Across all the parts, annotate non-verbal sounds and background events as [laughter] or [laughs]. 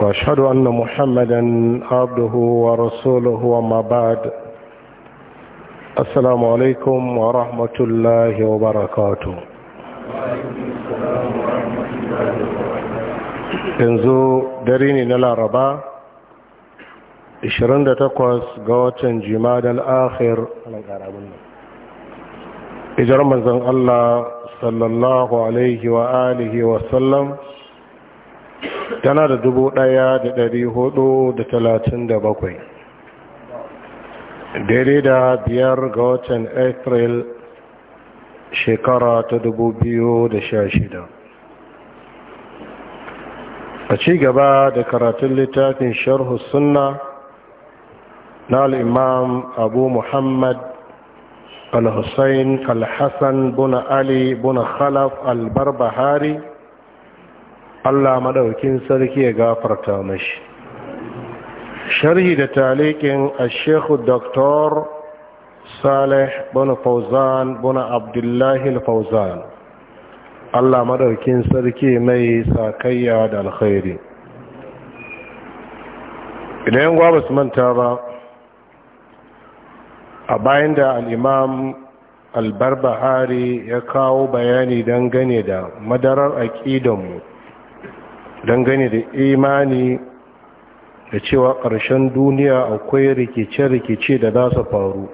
واشهد ان محمدا عبده ورسوله وما بعد السلام عليكم ورحمه الله وبركاته yanzu dare ne na laraba 28 ga watan jimadal akhir ijar manzan Allah sallallahu alaihi wa alihi wasallam tana da dubu ɗaya da ɗari hudu da talatin da bakwai daidai da biyar ga watan april shekara ta dubu biyu da sha shida a ci gaba da karatun littafin sharhu sunna na al'imam abu muhammad al-hussein al-hassan buna ali buna khalaf al-barbahari Allah maɗaukin sarki ya gafarta mashi sharhi da talikin a sheikh dr Saleh Bona fauzan Bona abdullahi fauzan Allah madaukin sarki mai sakayya da alkhairi idan gwa ba su manta ba a bayan da al'imam albarbahari ya kawo bayani dangane da madarar ƙidanmu. dangane da imani da cewa ƙarshen duniya akwai rikice-rikice da za su faru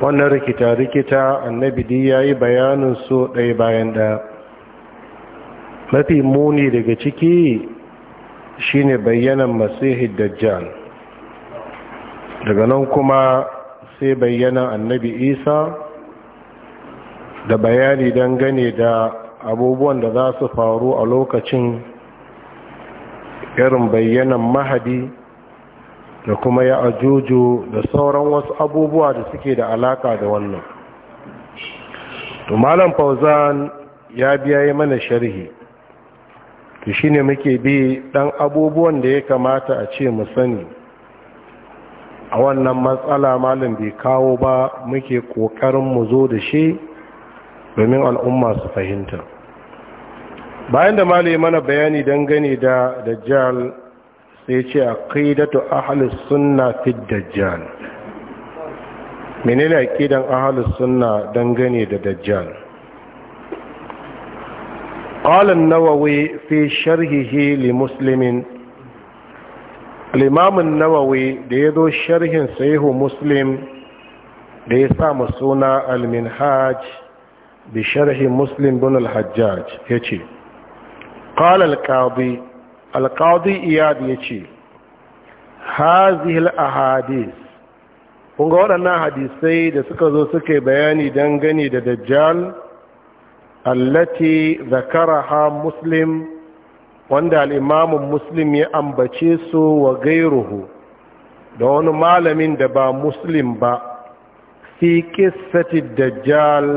wannan rikita-rikita annabi di ya yi bayanin so ɗaya bayan ɗaya mafi muni daga ciki shine bayyanan masihid dajjal daga nan kuma sai bayyanan annabi isa da bayani dangane da abubuwan da za su faru a lokacin irin bayyanan mahadi da kuma ya ajuju da sauran wasu abubuwa da suke da alaka da wannan malam fauzan ya biya yi mana sharhi to ne muke bi dan abubuwan da ya kamata a ce mu sani a wannan matsala malam bai kawo ba muke kokarin mu zo da shi domin al'umma su fahimta bayan da mali mana bayani dangane da dajjal sai ce a kaidatu ahalus suna fi dajjal menene akidan ahalus suna dangane da dajjal ƙwalin nawawi fi sharhihi li muslimin limamin nawawi da ya zo sharhin saihu muslim da ya sa masuna alminhaj bi sharhi muslim bin alhajjaj ya ce قال القاضي القاضي إياد يشي هذه الأحاديث kun ga waɗannan hadisai da suka zo suke bayani dangane da dajjal allati zakaraha muslim wanda al'imamun muslim ya ambace su wa gairuhu da wani malamin da ba muslim ba fi kissati dajjal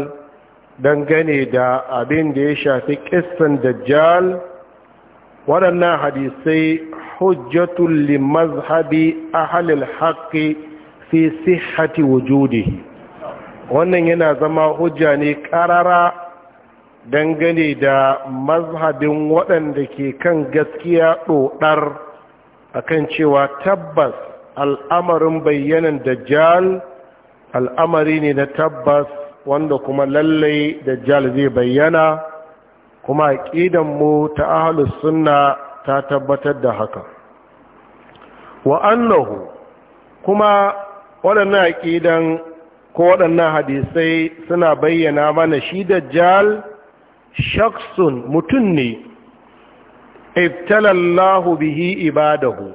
dangane da abin da ya shafi ƙisan dajjal waɗannan hadisai hujjatul limazhabi ahlil haƙi fi sihati wujudi wannan yana zama hujja ne ƙarara dangane da mazhabin waɗanda ke kan gaskiya ɗoɗar akan cewa tabbas al'amarin bayyanan dajjal al'amari ne na tabbas wanda kuma lallai dajjal zai bayyana kuma mu ta ahlus sunna ta tabbatar da haka wa annahu kuma waɗannan aqidan ko waɗannan hadisai suna bayyana mana shi dajjal shaksun mutum ne iftalallahu bihi ibadahu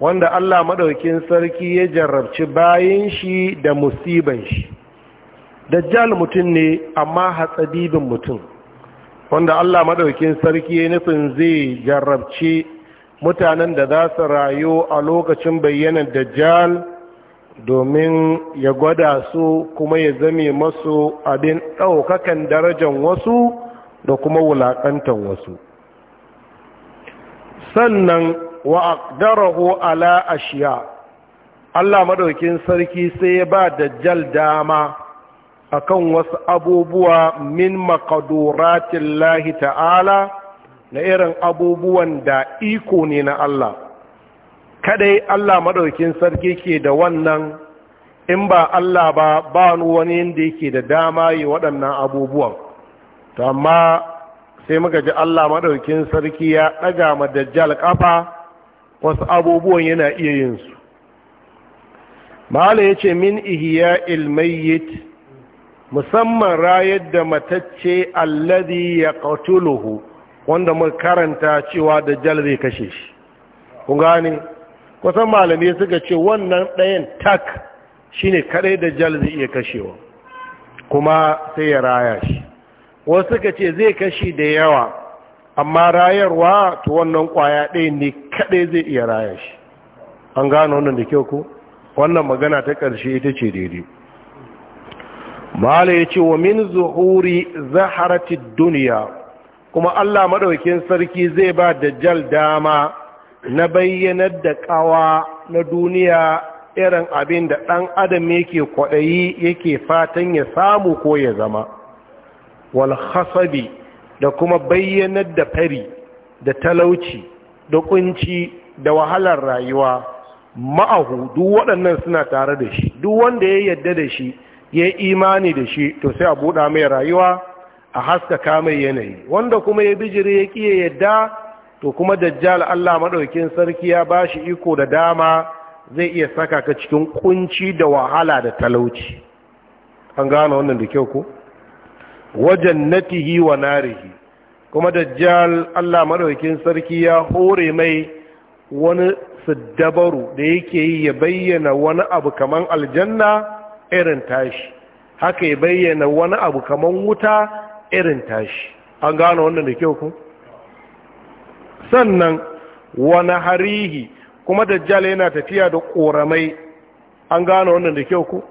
wanda Allah maɗaukin sarki ya jarrabci bayan shi da musiban shi dajjal mutum ne amma hatsabibin mutum wanda Allah madaukin sarki ya nufin zai jarrabci mutanen da za su rayu a lokacin bayyanar dajjal domin ya gwada su kuma ya zame masu abin ɗaukakan darajan wasu da kuma wulaƙantan wasu sannan wa aqdarahu ala ashiya Allah madaukin sarki sai ya ba dajjal dama akan wasu abubuwa min makaduratin lahi ta'ala na irin abubuwan da iko ne na Allah kadai Allah maɗaukin sarki ke da wannan in ba Allah ba ba wani yadda yake da dama yi waɗannan abubuwan to amma sai muka ji Allah maɗaukin sarki ya ɗaga ma dajjal ƙafa wasu abubuwan yana iya yin su mala ya ce min ihiya ilmayyit musamman rayar da matacce alladhi qatuluhu wanda mun karanta cewa da jal kashe shi kun gane kusan malamai suka ce wannan ɗayan tak shine kadai da jal ya kashewa kuma sai ya raya shi wasu suka ce zai kashi da yawa amma rayarwa to wannan kwaya ɗaya ne kadai zai iya raya shi an gano wannan da kyau ko wannan magana ta ƙarshe ita ce daidai mala ya ce wa min zuhuri zaharati duniya kuma allah maɗaukin sarki zai ba da jal dama na bayyanar da ƙawa na duniya irin abin da ɗan adam yake kwaɗayi yake fatan ya samu ko ya zama wal da kuma bayyanar da fari da talauci da kunci da wahalar rayuwa ma'ahu duk waɗannan suna tare da shi duk wanda ya yadda da shi ya imani da shi to sai a buɗa mai rayuwa a haskaka mai yanayi wanda kuma ya bijiri ya ƙiye yadda to kuma dajjal Allah maɗaukin sarki ya ba shi iko da dama zai iya saka ka cikin kunci da wahala da talauci an gano wannan da kyau ko wajen natihi wa narihi kuma dajjal Allah maɗaukin sarki ya hore mai wani su dabaru da yake yi ya bayyana wani abu kamar aljanna irin tashi haka ya bayyana wani abu kamar wuta irin tashi an gano wannan da kyau ku sannan wani harihi kuma dajjal yana tafiya da koramai an gano wannan da kyau ku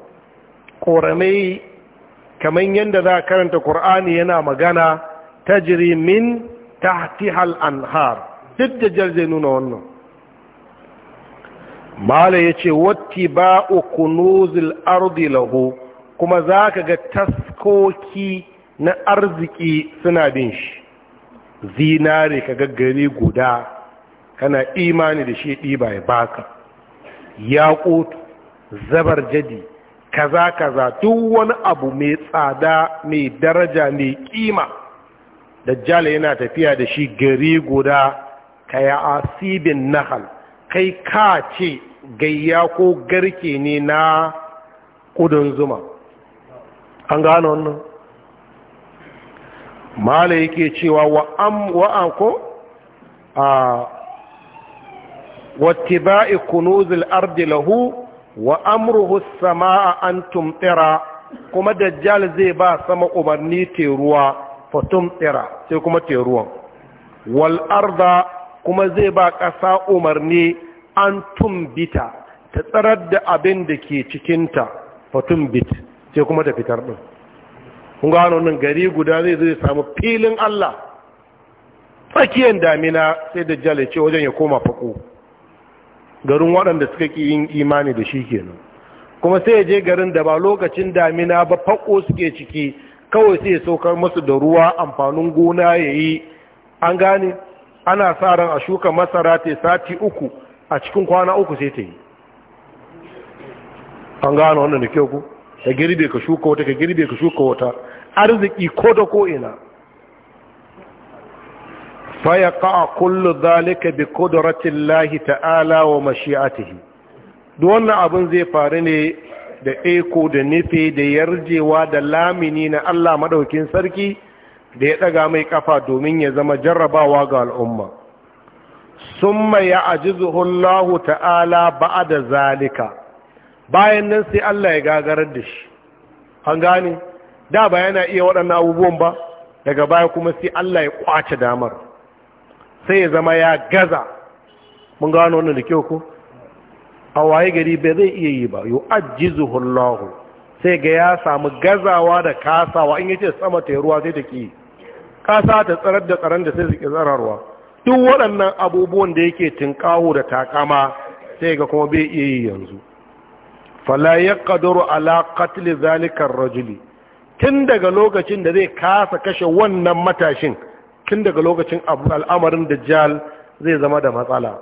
koramai kamar yadda za a karanta Kur'ani yana magana tajiri min tahtihal anhar duk dajjal zai nuna wannan mala ya ce ba ba kunuzil ardi lahu kuma za ka ga taskoki na arziki suna bin shi zinare ka gaggare guda kana imani da shi ɗiba ya baka yaƙutu zabar jadi kaza kaza duk wani abu mai tsada mai daraja mai ƙima. dajjal yana tafiya da shi gari guda yi asibin nahal kai ka ce gayya ko garke ne na ƙudun zuma an gano wannan mala yake cewa wa'an ko a wattiba'i kunuzil ardi lahu wa amruhu sama'a an tumtira kuma dajjal zai ba sama umarni te ruwa fa tumtira sai kuma te ruwan wal arda kuma zai ba ƙasa umarni an tumbita ta tsarar da abin da ke cikinta tumbit sai kuma ta fitar ɗin kun gano nan gari guda zai zai samu filin Allah tsakiyar damina sai da ce wajen ya koma fako garin waɗanda suka ƙi yin imani da shi kenan kuma sai ya je garin da ba lokacin damina ba fako suke ciki kawai sai ya saukar masu da ruwa amfanin gona ya yi an gane ana sa ran a shuka masara ta sati uku a cikin kwana uku sai ta yi an gano wannan da kyau ku ka girbe ka shuka wata ka girbe ka shuka wata arziki ko da ko ina fa ka'a kullu zalika bi lahi ta'ala wa mashi'atihi duk wannan abin zai faru ne da eko da nufi da yarjewa da lamini na Allah madaukin sarki da ya ɗaga mai ƙafa domin ya zama jarrabawa ga al'umma summa ya ajizuhu Allah ta'ala da zalika bayan nan sai Allah ya gagarar da shi an gane da ba yana iya waɗannan abubuwan ba daga baya kuma sai Allah ya kwace damar sai ya zama ya gaza mun gano wannan da kyau ko a waye gari bai zai iya yi ba yu ajizuhu Allah sai ga ya samu gazawa da kasawa in yace sama ta ruwa sai ta ki kasa ta tsarar da tsaron da sai su ƙi tsararwa duk waɗannan abubuwan da yake tunƙawo da takama sai ga kuma bai iya yi yanzu fala ya ƙaduru ala katli zalikar rajuli tun daga lokacin da zai kasa kashe wannan matashin tun daga lokacin al'amarin da jihar zai zama da matsala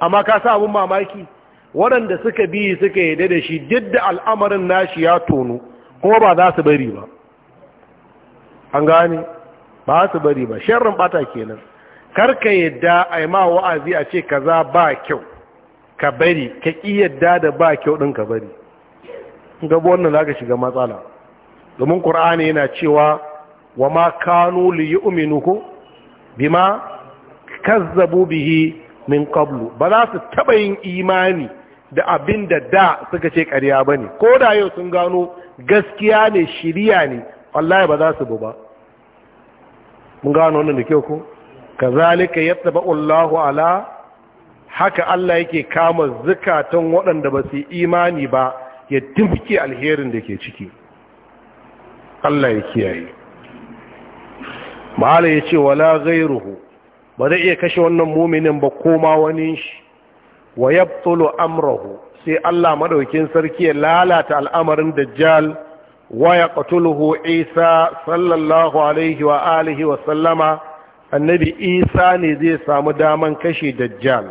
amma ka sa abin mamaki waɗanda suka bi suka yi da shi duk da al'amarin nashi ya tonu kuma ba za su bari ba an gane ba su bari ba sharrin bata kenan karka yadda a yi ma wa'azi a ce ka za ba kyau ka bari ka ƙi yadda da ba kyau ɗin ka bari gaba wannan za ka shiga matsala domin ƙur'ani yana cewa wa ma kanu li yu'minu ko bima kazzabu bihi min qablu ba za su taɓa yin imani da abin da da suka ce ƙarya ba ne ko da yau sun gano gaskiya ne shirya ne wallahi ba za su bu ba mun gano wannan da kyau ko kazalika yattaba'u Allahu ala haka Allah yake kama zukatan waɗanda ba su imani ba ya tumbuke alherin da ke ciki Allah ya kiyaye ma'ala yace wala ghayruhu ba zai iya kashe wannan muminin ba koma wani shi wa yabtulu amrahu sai Allah madaukin sarki ya lalata al'amarin dajjal wa yaqtuluhu Isa sallallahu alaihi wa alihi wa sallama annabi isa ne zai samu daman kashe dajjal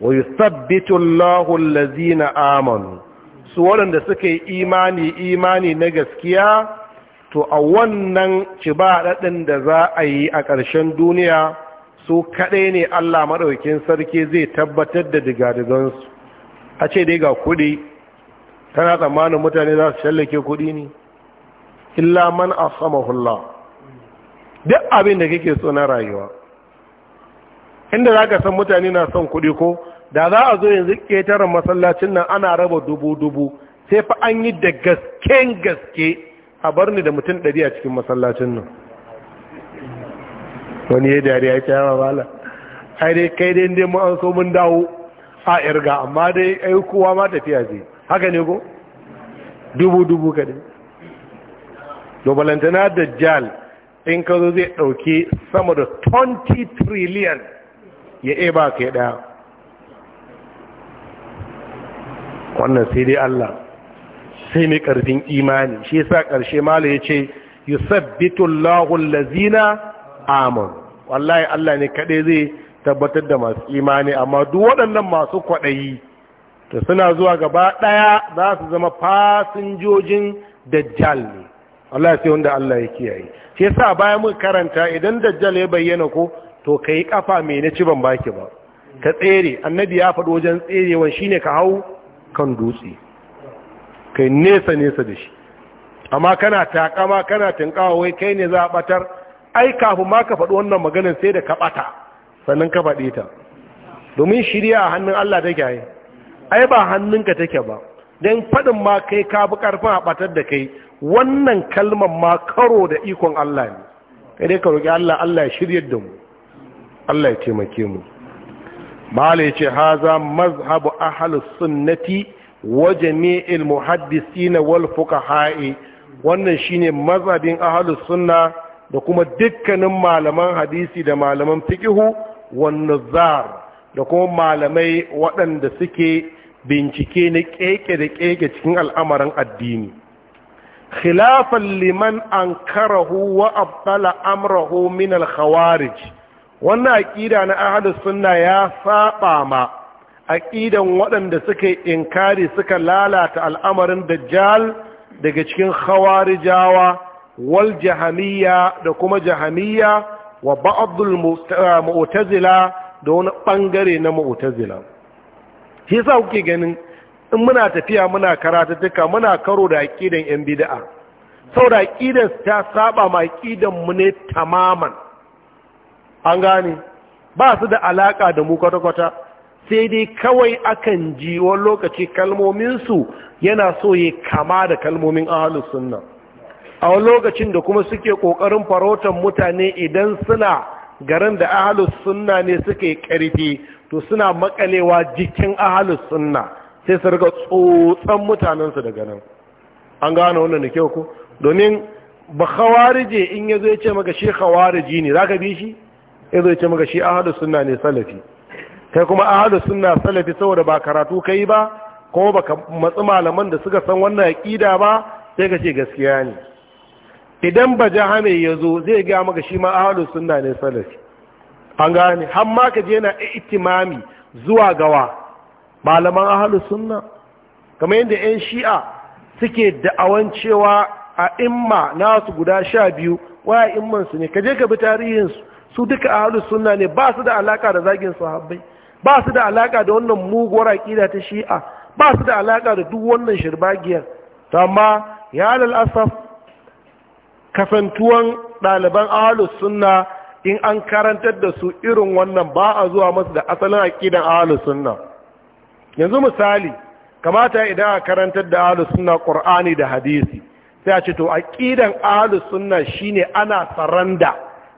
wa yuthabbitu Allahu allazina amanu su waɗanda suka yi imani imani na gaskiya to a wannan ciba dadin da za a yi a ƙarshen duniya su kadai ne Allah maɗaukin sarki zai tabbatar da digadigansu a ce dai ga kuɗi kana tsammanin mutane za su shallake kuɗi ne illa man allah duk abin da kake so na rayuwa inda za ka san mutane na son kuɗi ko da za a zo yanzu ƙetaren masallacin nan ana raba dubu-dubu sai fa an yi da gasken gaske a bar ni da mutum ɗari a cikin masallacin nan wani ya dariya ya yawa bala ai dai kai dai dai an so mun dawo a irga amma dai ai kowa ma tafiya ce haka ne ko dubu-dubu kadai da jal. in ka zo zai ɗauki sama da 20 trillion ya e ba ka ɗaya wannan sai dai Allah sai mai ƙarfin imani shi sa ƙarshe malu ya ce yusabbitun lahun lazina amon wallahi Allah ne kaɗai zai tabbatar da masu imani amma duk waɗannan masu kwaɗayi ta suna zuwa gaba ɗaya za su zama fasinjojin dajjal ne Allah sai wanda Allah ya kiyaye shi yasa bayan mun karanta idan dajjal ya bayyana ko to kai kafa me na ci ban baki ba ka tsere annabi ya faɗo wajen tserewan shine ka hau kan dutse kai nesa nesa da shi amma kana takama kana tinkawa wai kai ne za batar ai kafin ma ka faɗi wannan maganar sai da ka bata sannan ka faɗe ta domin shirya a hannun Allah take ai ai ba hannunka take ba don faɗin ma kai ka bi ƙarfin a ɓatar da kai wannan kalman ma karo da ikon Allah ne kai dai ka roƙi Allah Allah ya shirya da mu Allah ya taimake mu mala ya ce haza mazhabu ahlus sunnati wa jami'il muhaddisin wal fuqaha'i wannan shine mazhabin ahlus sunna da kuma dukkanin malaman hadisi da malaman fiqhu wan nazar da kuma malamai waɗanda suke bincike na keke da keke cikin al'amarin addini khilafan liman ankarahu wa abdala amrahu min al-khawarij wannan aqida na ahlus sunna ya saba ma aqidan waɗanda suka yi inkari suka lalata al'amarin dajjal daga cikin khawarijawa wal jahamiyya da kuma jahamiyya wa ba'dul mu'tazila da wani bangare na mu'tazila shi yasa kuke ganin in muna tafiya muna duka muna karo da aqidan yan bid'a saboda aqidan ta saba ma aqidan mu ne tamaman an gane ba su da alaka da mu kwata-kwata sai dai kawai akan ji wani lokaci kalmomin su yana so ya kama da kalmomin ahlus sunna a wani lokacin da kuma suke kokarin farautar mutane idan suna garin da ahlus sunna ne suke ƙarfi to suna makalewa jikin ahalus sunna sai su riga tsotsan mutanensu daga nan an gano wannan da kyau ku. domin ba khawarije in yazo ya ce maka shi khawariji ne zaka bi shi yazo ya ce maka shi ahalus sunna ne salafi kai kuma ahalus sunna salafi saboda ba karatu kai ba ko baka matsi malaman da suka san wannan aqida ba sai ka ce gaskiya ne idan ba jahame yazo zai ga maka shi ma ahalus sunna ne salafi an gane har ka je na itimami zuwa gawa malaman ahalu sunna kamar yadda 'yan shi'a suke da'awan cewa a imma nasu guda sha biyu waya immansu ne ka je ka bi tarihinsu su duka ahalu sunna ne ba su da alaka da zagin sahabbai ba su da alaka da wannan muguwar aƙida ta shi'a ba su da alaka da duk wannan shirbagiyar amma ya kasantuwan ɗaliban ahalus sunna in an karantar da su irin wannan ba a zuwa masu da asalin aƙidan ahalus sunna yanzu misali kamata idan a karantar da ahalus sunna ƙur'ani da hadisi sai a ce to aƙidan ahalus shi ne ana saranda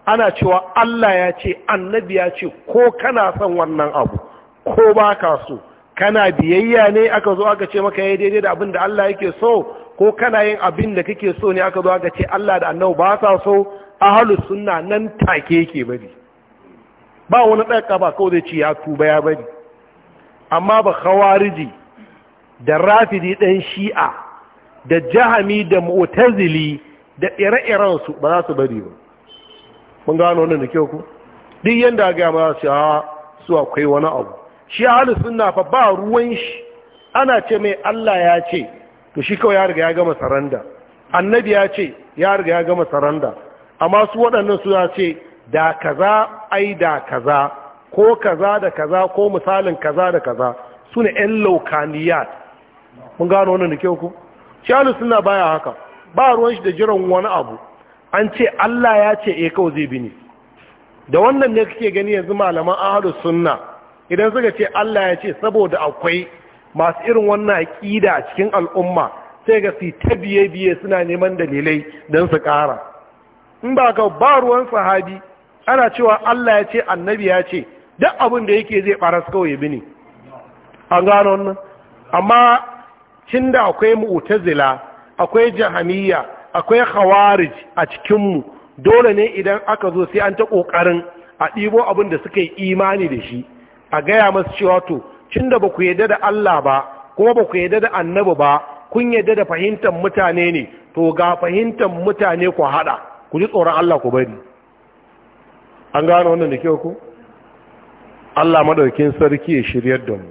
ana cewa Allah ya ce annabi ya ce ko kana son wannan abu ko ba ka so kana biyayya ne aka zo aka ce maka ya daidai da abin da Allah yake so ko kana yin abin da kake so ne aka zo aka ce Allah da annabi ba sa so ahalus Suna nan take ke bari ba wani ɗaka ba kawai zai ce ya tuba ya bari amma ba khawariji da rafidi ɗan shi'a da jahami da mu'tazili da ire-iren su ba za su bari ba mun gano wannan da kyau ku duk yanda ga ma su ha ah, su akwai wani abu shi ahalus suna fa ba ruwan shi ana ce mai Allah ya ce to shi kawai ya riga ya gama saranda annabi ya ce ya riga ya gama saranda amma su waɗannan suna ce da kaza ai da kaza ko kaza da kaza ko misalin kaza da kaza su ne 'yan laukaniyat mun gano wani da ku shalu suna baya haka ba ruwan shi da jiran wani abu an ce Allah ya ce e kawai zai bini da wannan ne kake gani yanzu malaman Ahadu sunna idan suka ce Allah ya ce saboda akwai masu irin wannan aƙida a cikin al'umma sai ga su ta biye biye suna neman dalilai don su ƙara in ba ka ba ruwan sahabi ana cewa Allah ya ce annabi ya ce duk abin da yake zai faras kawai ya bini an gano wannan amma cin da akwai mu'tazila akwai jahamiyya akwai khawarij a cikin mu dole ne idan aka zo sai an ta kokarin a ɗibo abin da suka yi imani da shi a gaya masu cewa to cin da ba ku yarda da Allah ba kuma baku ku yarda da annabi ba kun yarda da fahimtar mutane ne to ga fahimtar mutane ku hada. ku ji tsoron Allah ku bari an gano wannan da kyau ku Allah madaukin sarki ya shiryar da mu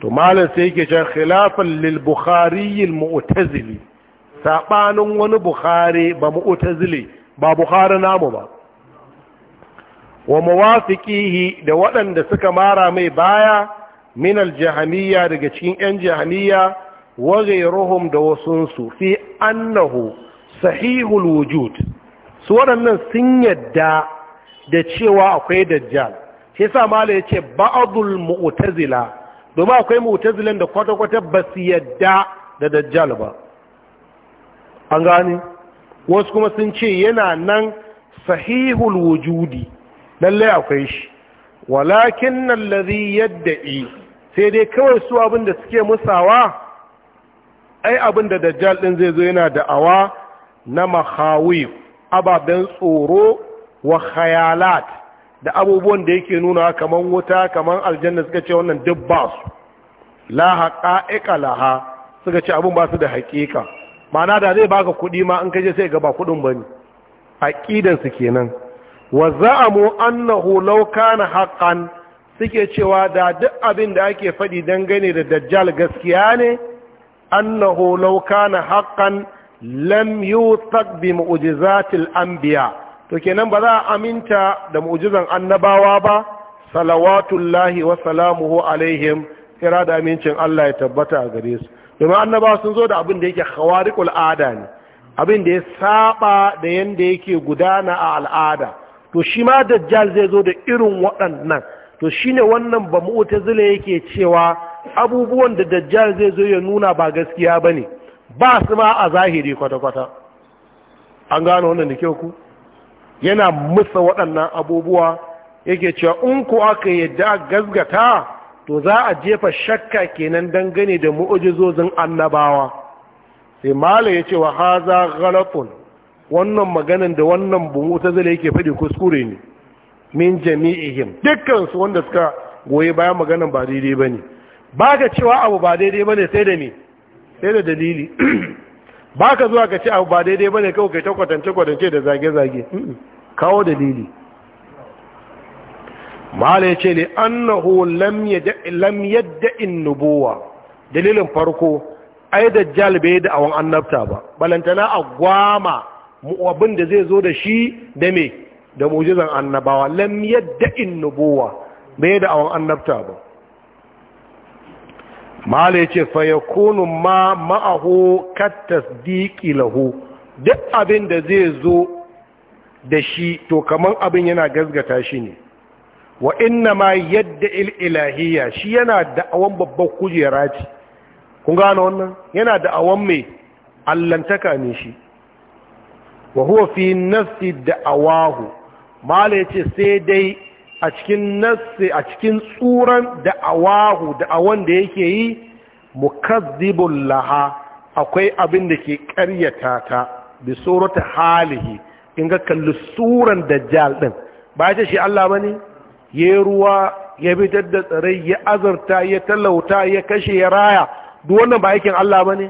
to malam sai yake cewa khilafan lil bukhari al mu'tazili sabanin wani bukhari ba mu'tazili ba bukhari namu ba wa muwafiqihi da waɗanda suka mara mai baya min al jahamiyya daga cikin yan jahamiya, wa ghayruhum da wasunsu fi annahu sahihul wujud su waɗannan sun yadda da cewa akwai dajjal shi sa mala ya ce ba'adul mu'tazila domin akwai mu'tazilan da kwata-kwata ba su yadda da dajjal ba an gani wasu kuma sun ce yana nan sahihul wujudi lallai akwai shi walakin nan yadda yadda'i sai dai kawai su abin da suke musawa ai abin da dajjal ɗin zai zo yana da'awa na mahawif ababen tsoro wa khayalat da abubuwan da yake nuna kaman wuta kaman aljanna suka ce wannan duk ba su la haqa'iqa laha suka ce abun ba su da hakika, ma'ana da zai baka kuɗi ma in kaje sai ga ba kuɗin bane aqidan su kenan wa za'amu annahu law kana haqqan suke cewa da duk abin da ake faɗi dangane da dajjal gaskiya ne annahu law kana haqqan lam yutaq bi mu'jizatil anbiya to kenan ba za a aminta da mu'jizan annabawa ba salawatullahi wa salamuhu alaihim kira da amincin Allah ya tabbata a gare su domin annabawa sun zo da abin da yake khawariqul ada ne abin da ya saba da yanda yake gudana a al'ada to shi ma dajjal zai zo da irin waɗannan to shine wannan ba mu'tazila yake cewa abubuwan da dajjal zai zo ya nuna ba gaskiya bane ba su ma a zahiri kwata-kwata an gano wannan da kyau ku yana musa waɗannan abubuwa yake cewa in ku aka yadda gazgata to za a jefa shakka kenan dangane da mu'ujizozin annabawa sai mala ya ce wa haza ghalatun wannan maganin da wannan bumu ta zale yake faɗi kuskure ne min jami'ihim dukkansu wanda suka goyi bayan maganin ba daidai ba ne ba ga cewa abu ba daidai ba ne sai da ne sai da dalili [clears throat] ba ka zuwa ka ce abu ba daidai ba ne kawai kai ta kwatance-kwatance da zage-zage kawo dalili mahala ya ce ne annahu lam yadda in nubuwa dalilin farko ai da jalibe da awon annabta ba balantana a gwama abin da zai zo da shi da me da mujizan annabawa lam yadda in nubuwa bai da awon annabta ba mala ya ce fayakunu ma ma'ahu kattas diƙi lahu duk abin da zai zo da shi to kamar abin yana gazgata shi ne wa inna ma yadda il'ilahiyya shi yana da'awan babbar kujera ce kun gano wannan yana da'awan mai allantaka ne shi wa huwa fi nafsi da'awahu mala ya ce sai dai a cikin nassi a cikin tsuran da awahu da awan da yake yi mukazzibul laha akwai abin da ke karyata ta bi surata halihi in ga kalli tsuran dajjal din ba ce shi Allah bane ya ruwa ya bi da tsirai ya azurta ya talauta ya kashe ya raya duk wannan ba aikin Allah bane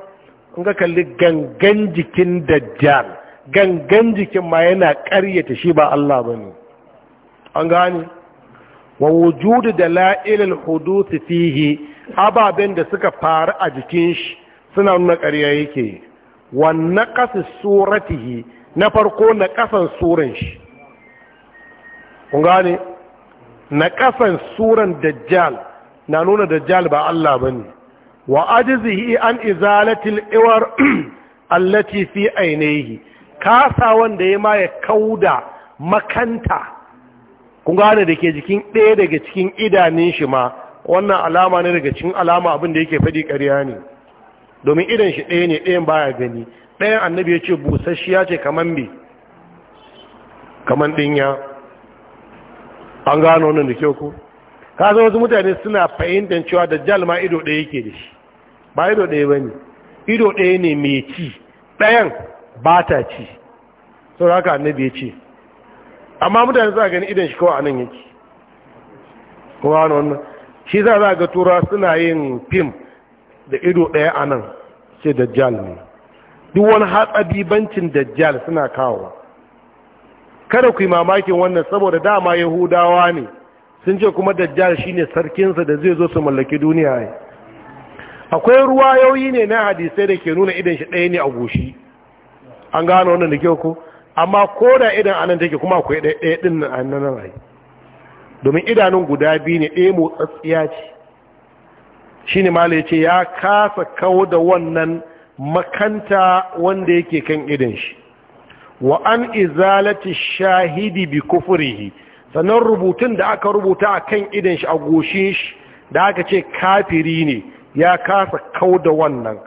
in ga kalli gangan jikin dajjal gangan jikin ma yana karyata shi ba Allah bane an gani. wa wujudu da la'ilil hudusi fihi ababen da suka faru a jikin shi suna nuna ƙarya yake Wa ƙasa suratihi na farko na kasan suran shi kun gane na kasan suran dajjal na nuna dajjal ba Allah bane. wa ajzihi an izalatil iwar [clears throat] allati fi ainihi kasa wanda ya ma ya kauda makanta kun gane da ke jikin ɗaya daga cikin idanun shi ma wannan alama ne daga cikin alama abin da yake faɗi ƙarya ne domin idan shi ɗaya ne ɗayan baya gani ɗayan annabi ya ce busasshiya ce kaman bi kaman ɗinya an gano wannan da kyau ku? ka wasu mutane suna fahimtar cewa da jalma ido ɗaya yake da shi ba ido ɗaya ba ne ido ɗaya ne mai ci ɗayan ba ta ci sau haka annabi ya ce amma mutane za a gani idan shi kawai a nan yake kuma wannan shi za a ga tura suna yin fim da ido ɗaya a nan ce dajjal ne duk wani hatsabibancin dajjal suna kawo kada ku yi mamakin wannan saboda dama yahudawa ne sun ce kuma dajjal shine sarkinsa da zai zo su mallaki duniya ne akwai ruwayoyi ne na hadisai da ke nuna idan shi ɗaya ne a goshi an gano wannan da kyau ko amma ko da idan anan take kuma akwai ɗaya ɗin nan an nan rai domin idanun guda biyu ne ɗaya motsatsiya ce shi ne mala ce ya kasa kawo da wannan makanta wanda yake kan idan shi wa an izalati shahidi bi kufurihi sannan rubutun da aka rubuta a kan idan shi a goshin shi da aka ce kafiri ne ya kasa kawo da wannan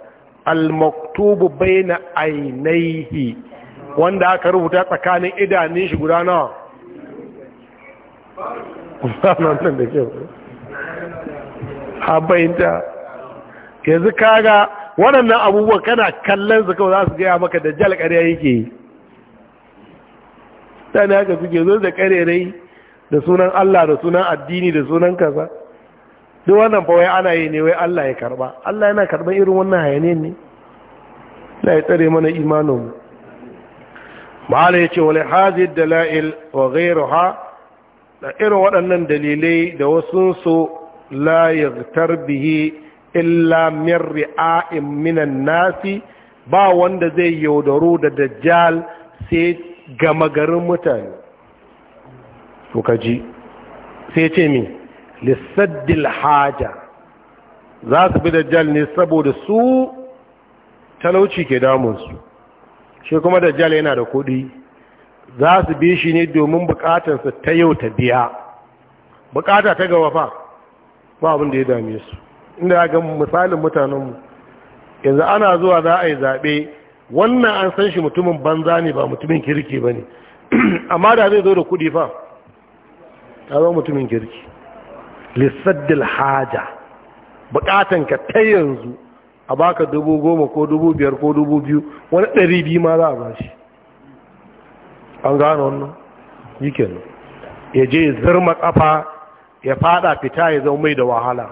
al-maktubu bayna ainihi wanda aka rubuta tsakanin idanun shi guda nawa nan da kyau yanzu kaga waɗannan abubuwan kana kallon su kawai za su gaya maka da jal ƙarya yake yi ta ne haka suke zo da ƙarerai da sunan Allah da sunan addini da sunan kasa, duk wannan fawai ana yi ne wai Allah ya karba Allah yana karban irin wannan hayanin ne na ya tsare mana imanin mu ma'ala ya ce wale da dala'il wa gairu ha da irin waɗannan dalilai da wasunsu la yaghtar bihi illa min ri'a'in minan nasi ba wanda zai yaudaru da dajjal sai gama garin mutane to kaji sai ce mi lissaddil haja za su bi dajjal ne saboda su talauci ke damunsu shi kuma dajjal yana da kuɗi za su bi shi ne domin bukatarsa ta yau ta biya bukata ta gaba fa ba abin da ya dame su inda ya ga misalin mutanenmu yanzu ana zuwa za a yi zaɓe wannan an san shi mutumin banza ne ba mutumin kirki ba ne [clears throat] amma da zai zo da kuɗi fa ta zo mutumin kirki lissaddil haja bukatanka ta yanzu a baka dubu goma ko dubu biyar ko dubu biyu wani ɗari biyu ma za a ba shi an gano wannan yi kenan ya je zirma kafa ya fada fita ya zama mai da wahala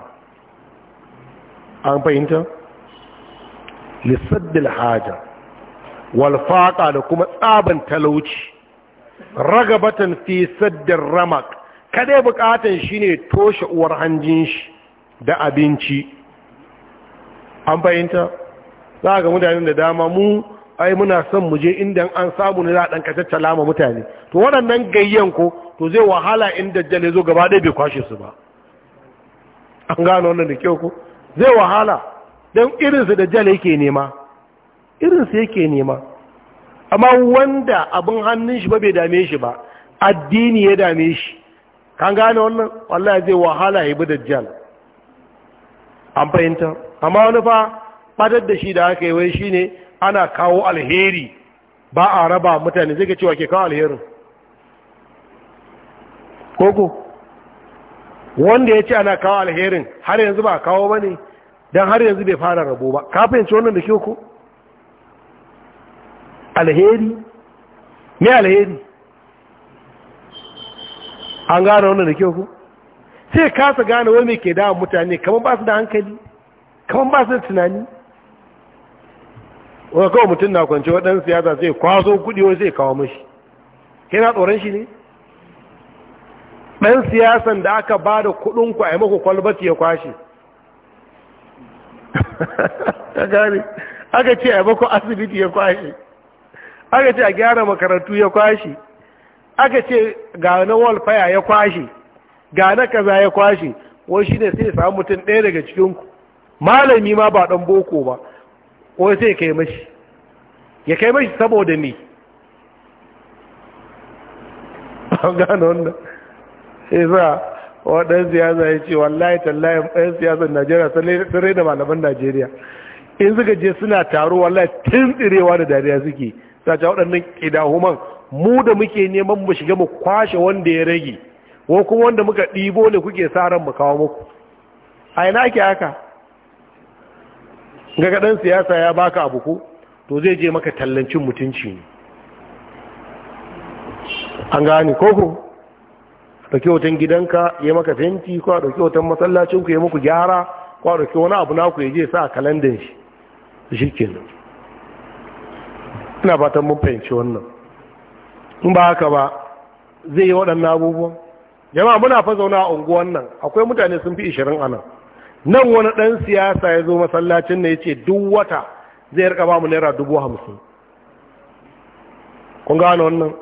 an fahimta lissaddil haja walfaƙa da kuma Tsabin talauci ragabatan fi saddin ramak kadai bukatan ne toshe uwar hanjin shi da abinci an fahimta za ga mutanen da dama mu ai muna son mu je inda an samu ne za a ɗanka tattala ma mutane to waɗannan gayyan ko to zai wahala in dajjal ya zo gaba ɗaya bai kwashe su ba an gano wannan da kyau ko zai wahala don irinsu dajjal yake nema irinsu yake nema amma wanda abin hannun shi ba bai dame shi ba addini ya dame shi kan gane wannan wallahi zai wahala ya bi dajjal an fahimta amma wani fa ɓatar da shi da aka yi wai shi ne ana kawo alheri ba a raba mutane zai ga cewa ke kawo alherin koko wanda ya ce ana kawo alherin har yanzu ba a kawo ba ne don har yanzu bai fara rabo ba kafin ci wannan da ke ku alheri ne alheri an gane wannan da ke ku sai kasa gane wani ke da mutane kamar ba su da hankali kamar ba su tunani wani kawai mutum na kwanci waɗansu siyasa sai kwaso kuɗi wani sai kawo mashi yana tsoron shi ne ɗan siyasan da aka ba da kuɗinku a yi maku kwalbati ya kwashe ta [laughs] gane aka ce a yi maku asibiti ya kwashe aka ce a gyara makarantu ya kwashe aka ce ga na walfaya ya kwashe ga na kaza ya kwashe wani shi ne sai samu mutum ɗaya daga cikinku malami ma ba ɗan boko ba ko sai kai mashi ya kai mashi saboda ne. an gano wanda sai za waɗansu siyasa ya ce wallahi tallahi ɗan siyasar najeriya sun rai da malaman najeriya in suka je suna taro wallahi tun tsirewa da dariya suke sace waɗannan ƙidahuman mu da muke neman mu shiga mu kwashe wanda ya rage ko kuma wanda muka ɗibo ne kuke sa ran mu kawo muku a ina ake haka ga ɗan siyasa ya baka abu ko to zai je maka tallancin mutunci ne an gane koko ɗauki hoton gidanka ya maka fenti ko a ɗauki hoton ku ya muku gyara ko a ɗauki wani abu naku ya je sa a kalandan shi shi nan. ina fatan mun fahimci wannan in ba haka ba zai yi waɗannan abubuwan jama'a muna fa zauna a unguwan nan akwai mutane sun fi ishirin a nan nan wani ɗan siyasa ya zo masallacin na ya ce duk wata zai rika ba mu naira dubu hamsin kun gano wannan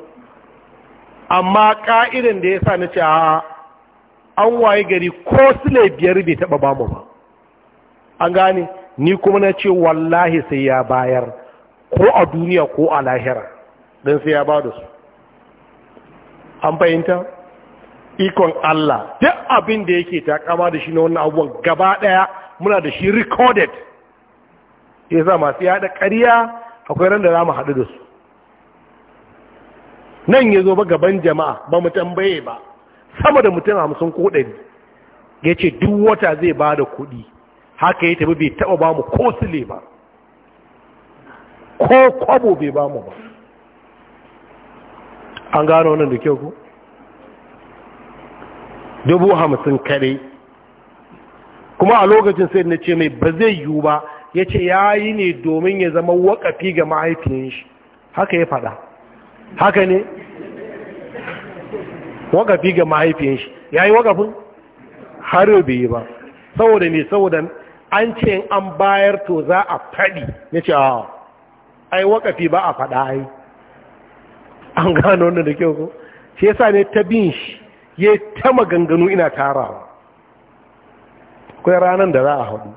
amma ƙa'irin da ya sa na ce an waye gari ko sile biyar bai taɓa ba mu ba an gane ni kuma na ce wallahi sai ya bayar ko a duniya ko a lahira don sai ya ba da su an fahimta ikon Allah duk abin da yake kama da shi na wannan abubuwan gaba ɗaya muna da shi recorded ya za masu yada ƙarya akwai ran da za mu haɗu da su nan ya zo ba gaban jama'a ba mu tambaye ba sama da mutum hamsin ko ɗari ya ce duk wata zai ba da kuɗi haka ya tafi bai taɓa ba mu ko sile ba ko kwabo bai ba mu ba an gano wannan da kyau ku dubu hamsin kare kuma a lokacin sai na ce mai ba zai yiwu ba ya ce ya yi ne domin ya zama wakafi ga mahaifin shi haka ya fada haka ne wakafi ga mahaifin shi ya yi wakafin har yau bai yi ba saboda ne saboda an ce an bayar to za a faɗi ya ce a ai wakafi ba a faɗa ai an gano wanda da kyau ko shi yasa ne ta bin shi ya ta maganganu ina tarawa akwai ranar da za a haɗu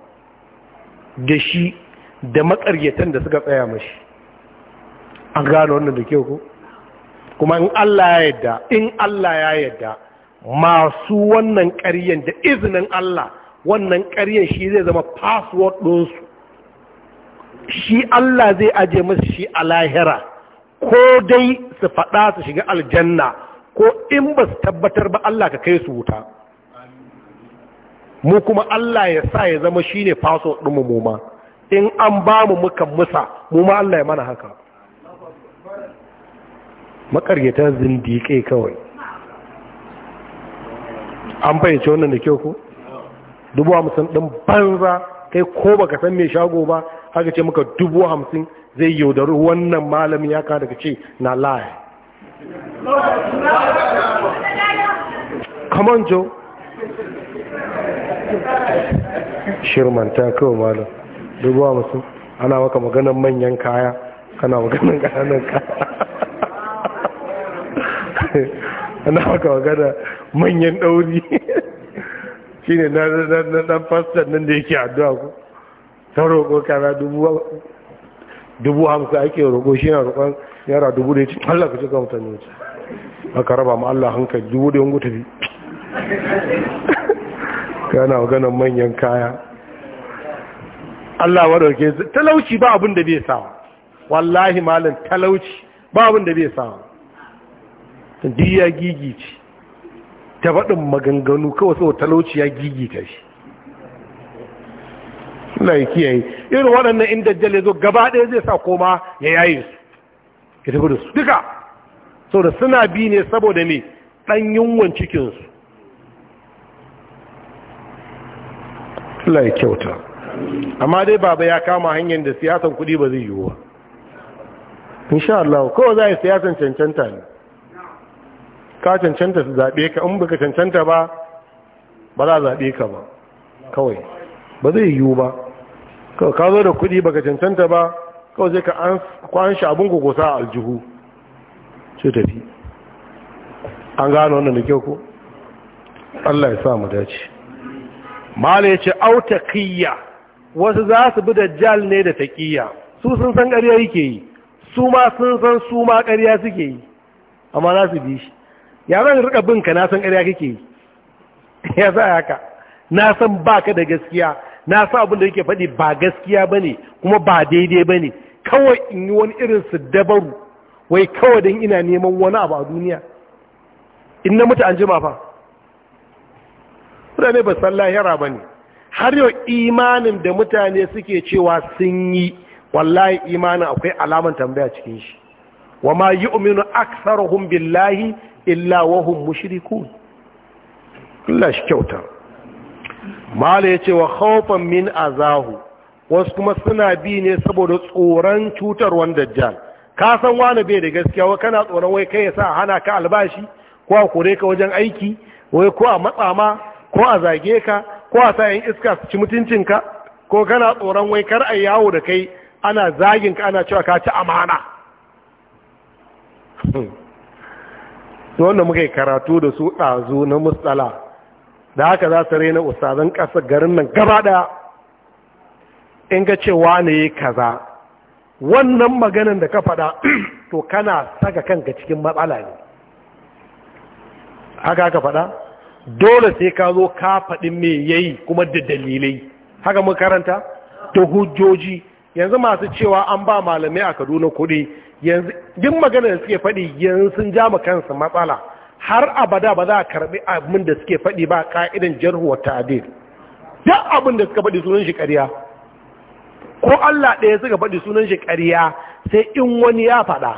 da shi da makaryatan da suka tsaya mashi an gano wannan da kyau ko kuma in Allah ya yadda in Allah ya yadda masu wannan ƙaryen da izinin Allah wannan ƙaryen shi zai zama password ɗinsu shi Allah zai aje masu shi a lahira ko dai su faɗa su shiga aljanna ko in ba su tabbatar ba Allah ka kai su wuta mu kuma Allah ya sa ya zama shine faso ɗinmu mu ma in an ba mu muka musa mu ma Allah ya mana haka makaryata zindiƙe kawai an fahimci wannan da kyau ku dubu hamsin ɗin banza kai ko baka san mai shago ba haka ce muka dubu hamsin zai yaudari wannan malami ya ka daga ce na laye come on joe shirmanta kawai malam dubuwa musu ana maka maganan manyan kaya kana maganan ƙananan kaya ana maka magana manyan ɗauri shi ne na ɗan fastan nan da yake addu'a ku ta roƙo kara dubu hamsin ake roƙo shi na roƙon yara dubu da ya ce allah ka ga mutane wuce aka raba ma allah hankali dubu da yanku tafi Yana maganan manyan kaya allah wadda ke talauci ba abin da bai sawa wallahi malam talauci ba abin da bai sawa ya gigi ce ta faɗin maganganu kawai sau talauci ya gigi ta shi Allah ya kiyaye irin waɗannan in dajjal ya zo gaba ɗaya zai sa koma ya yaye su ya tafi da su duka saboda suna bi ne saboda ne ɗan yunwan cikinsu lai ya kyauta amma dai baba ya kama hanyar da siyasan kuɗi ba zai yiwuwa insha Allah kowa za a yi siyasan cancanta ne ka cancanta su zaɓe ka in baka cancanta ba ba za a zaɓe ka ba kawai ba zai yiwu ba ka zo da kuɗi baka cancanta ba kawai zai ka an kwan abin gogosa a aljihu ce tafi an gano wannan da kyau ko Allah ya sa mu dace mala ya ce autakiyya wasu za su bi dajjal ne da taƙiyya su sun san ƙarya yake yi su ma sun san su ma ƙarya suke yi amma za su bi shi ya zan rika bin ka na san ƙarya kake yi [laughs] ya sa haka na san baka da gaskiya na san abin da yake faɗi ba gaskiya bane kuma ba daidai bane kawai in yi wani irin su dabaru wai kawai don ina neman wani abu a duniya in na mutu an jima fa mutane ba san lahira ba ne har yau imanin da mutane suke cewa sun yi wallahi imanin akwai alaman tambaya cikin shi wa ma yi yu'minu aktsaruhum billahi illa wa hum mushrikun Allah shi kyauta mala yace wa khawfan min azahu wasu kuma suna bi ne saboda tsoron cutar wanda dajjal ka san wani bai da gaskiya wa kana tsoron wai kai ya sa hana ka albashi ko a kore ka wajen aiki wai ko a matsama ko a zage ka ko a sa yan iska su ci mutuncinka ko kana tsoron wai kar a yawo da kai ana zagin ka ana cewa ka ci amana [laughs] wanda muka yi karatu da su ɗazu na mustala da haka za su rena ustazan ƙasa garin nan gaba ɗaya in ga cewa ne kaza wannan maganin da ka faɗa [clears throat] to kana saka kanka cikin matsala ne haka ka faɗa dole sai ka zo ka faɗi me yayi kuma da dalilai haka mun karanta to hujjoji yanzu masu cewa an ba malamai a Kaduna kuɗi yanzu duk maganar da suke faɗi yanzu sun ja mu kansu matsala har abada ba za a karɓi abin da suke faɗi ba ka'idan jarhu wa ta'dil duk abin da suka faɗi sunan shi ƙarya ko Allah ɗaya suka faɗi sunan shi ƙariya sai in wani ya faɗa